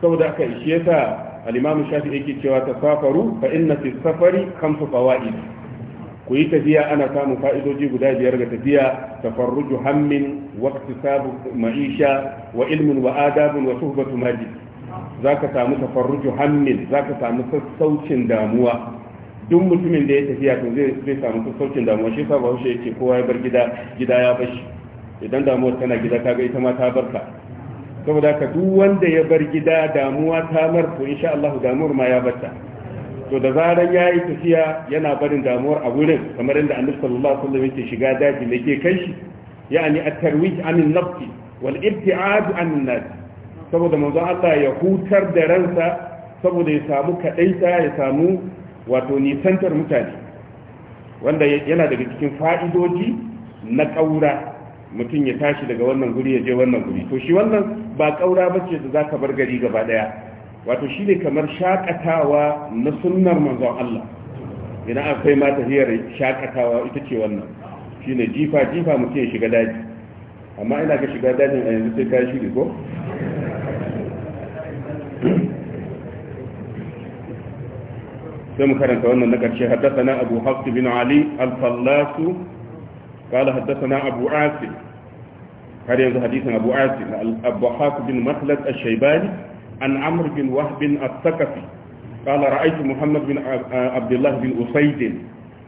[SPEAKER 1] saboda aka ishe yasa al shafi yake cewa tasafaru fa inna fi safari khamsu fawaid ku yi tafiya ana samun fa'idoji guda biyar ga tafiya tafarruju hammin waqtisabu ma'isha wa ilmin wa adabun wa suhbatu majid za ka samu tafarruju hammin za ka samu sassaucin damuwa duk mutumin da ya tafiya to zai samu sassaucin damuwa shi sa bahaushe ya ce kowa ya bar gida gida ya bashi idan damuwar tana gida ta ga ita ma ta barka saboda ka duk wanda ya bar gida damuwa ta mar to insha Allah damuwar ma ya barta to da zaran ya yi tafiya yana barin damuwar a wurin kamar yadda annabi sallallahu alaihi wasallam yake shiga daji da ke kai shi ya'ani at-tarwij anin nafsi wal ibti'ad anin nas saboda manzo Allah ya hutar da ransa saboda ya samu kadaita ya samu wato nisantar mutane wanda yana daga cikin fa'idoji na ƙaura mutum ya tashi daga wannan guri ya je wannan guri to shi wannan ba kaura ba ce da za ka bar gari gaba ɗaya wato shi ne kamar shakatawa na sunnar manzon Allah idan akwai mata hiyar shakatawa ita ce wannan shi ne jifa jifa mutum ya shiga daji amma ina ga shiga dajin a yanzu sai ka shiri ko
[SPEAKER 2] sai mu karanta wannan
[SPEAKER 1] na ƙarshe haddasana abu hafsu bin ali al-fallasu قال حدثنا أبو عاصم abu ينزل حديث أبو عاصم الضحاك بن مخلد الشيباني amur bin بن وهب الثقفي kala رأيت muhammad bin عبد uh, uh, bin بن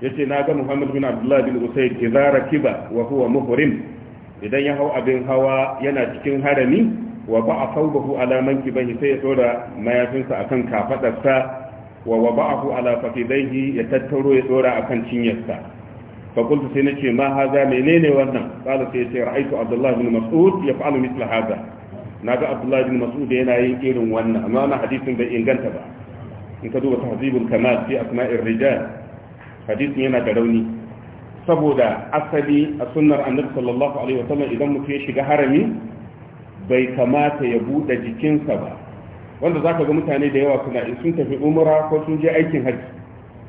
[SPEAKER 1] ya ce na ga muhammad bin abdullahi bin usaid idza rakiba wa huwa muhrim idan ya hau abin hawa yana cikin harami wa ba ba'a thawbahu ala mankibayhi sai ya dora mayafinsa akan kafadarsa wa ba a ku ala fakidaihi ya tattaro ya dora akan cinyarsa fa qultu sai nace ma haza menene wannan qala sai ce ra'aytu abdullah ibn mas'ud ya yaf'alu mithla haza naga abdullah ibn mas'ud yana yin irin wannan amma wannan hadisin bai inganta ba in ka duba tahzibul kamal fi asma'ir rijal hadisin yana da rauni saboda asali a sunnar annabi sallallahu alaihi wa sallam idan mutum ya shiga harami bai kamata ya buɗe jikinsa ba wanda zaka ga mutane da yawa suna in sun tafi umra ko sun je aikin hajji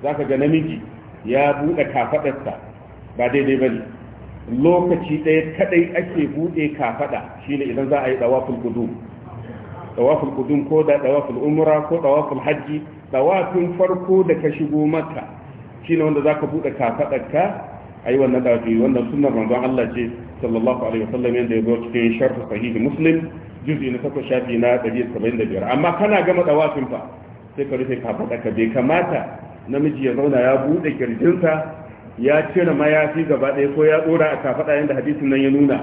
[SPEAKER 1] zaka ga namiji ya buɗe kafadarsa ba daidai ba ne lokaci ɗaya kaɗai ake buɗe kafaɗa shine idan za a yi dawaful qudum dawaful qudum ko da dawaful umra ko dawaful hajji ɗawafin farko da ka shigo maka shine wanda zaka buɗe kafadarka a yi wannan ɗawafi wannan sunnar manzon Allah ce sallallahu alaihi wa sallam yadda ya zo cikin sharh sahih muslim juz'i na takwas shafi na 175 amma kana gama dawafin fa sai ka rufe kafada ka bai kamata namiji ya zauna ya bude kirjinsa ya cire mayafi gaba ɗaya ko ya dora a kafada yadda hadisin nan ya nuna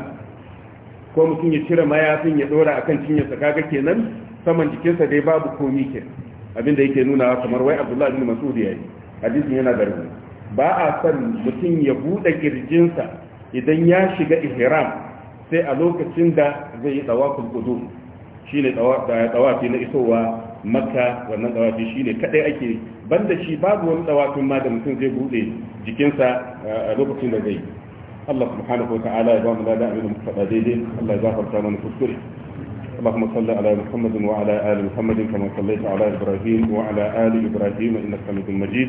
[SPEAKER 1] ko mutum ya cire mayafin ya dora akan sa kaga kenan saman jikinsa dai babu komi ke abinda yake nuna kamar wai abdullahi bin mas'ud yayi hadisin yana da ba a san mutum ya bude kirjinsa idan ya shiga ihram sai a lokacin da zai yi tawaful qudum shine tawafi na isowa makka wannan tawafi shine kadai ake banda shi babu wani tawafin ma da mutum zai bude jikinsa eh, a lokacin da zai Allah subhanahu wa ta'ala ya ba mu da abin da muka faɗa daidai Allah ya gafarta mana kuskure اللهم صل على محمد وعلى آل محمد كما صليت على إبراهيم وعلى آل إبراهيم إنك حميد مجيد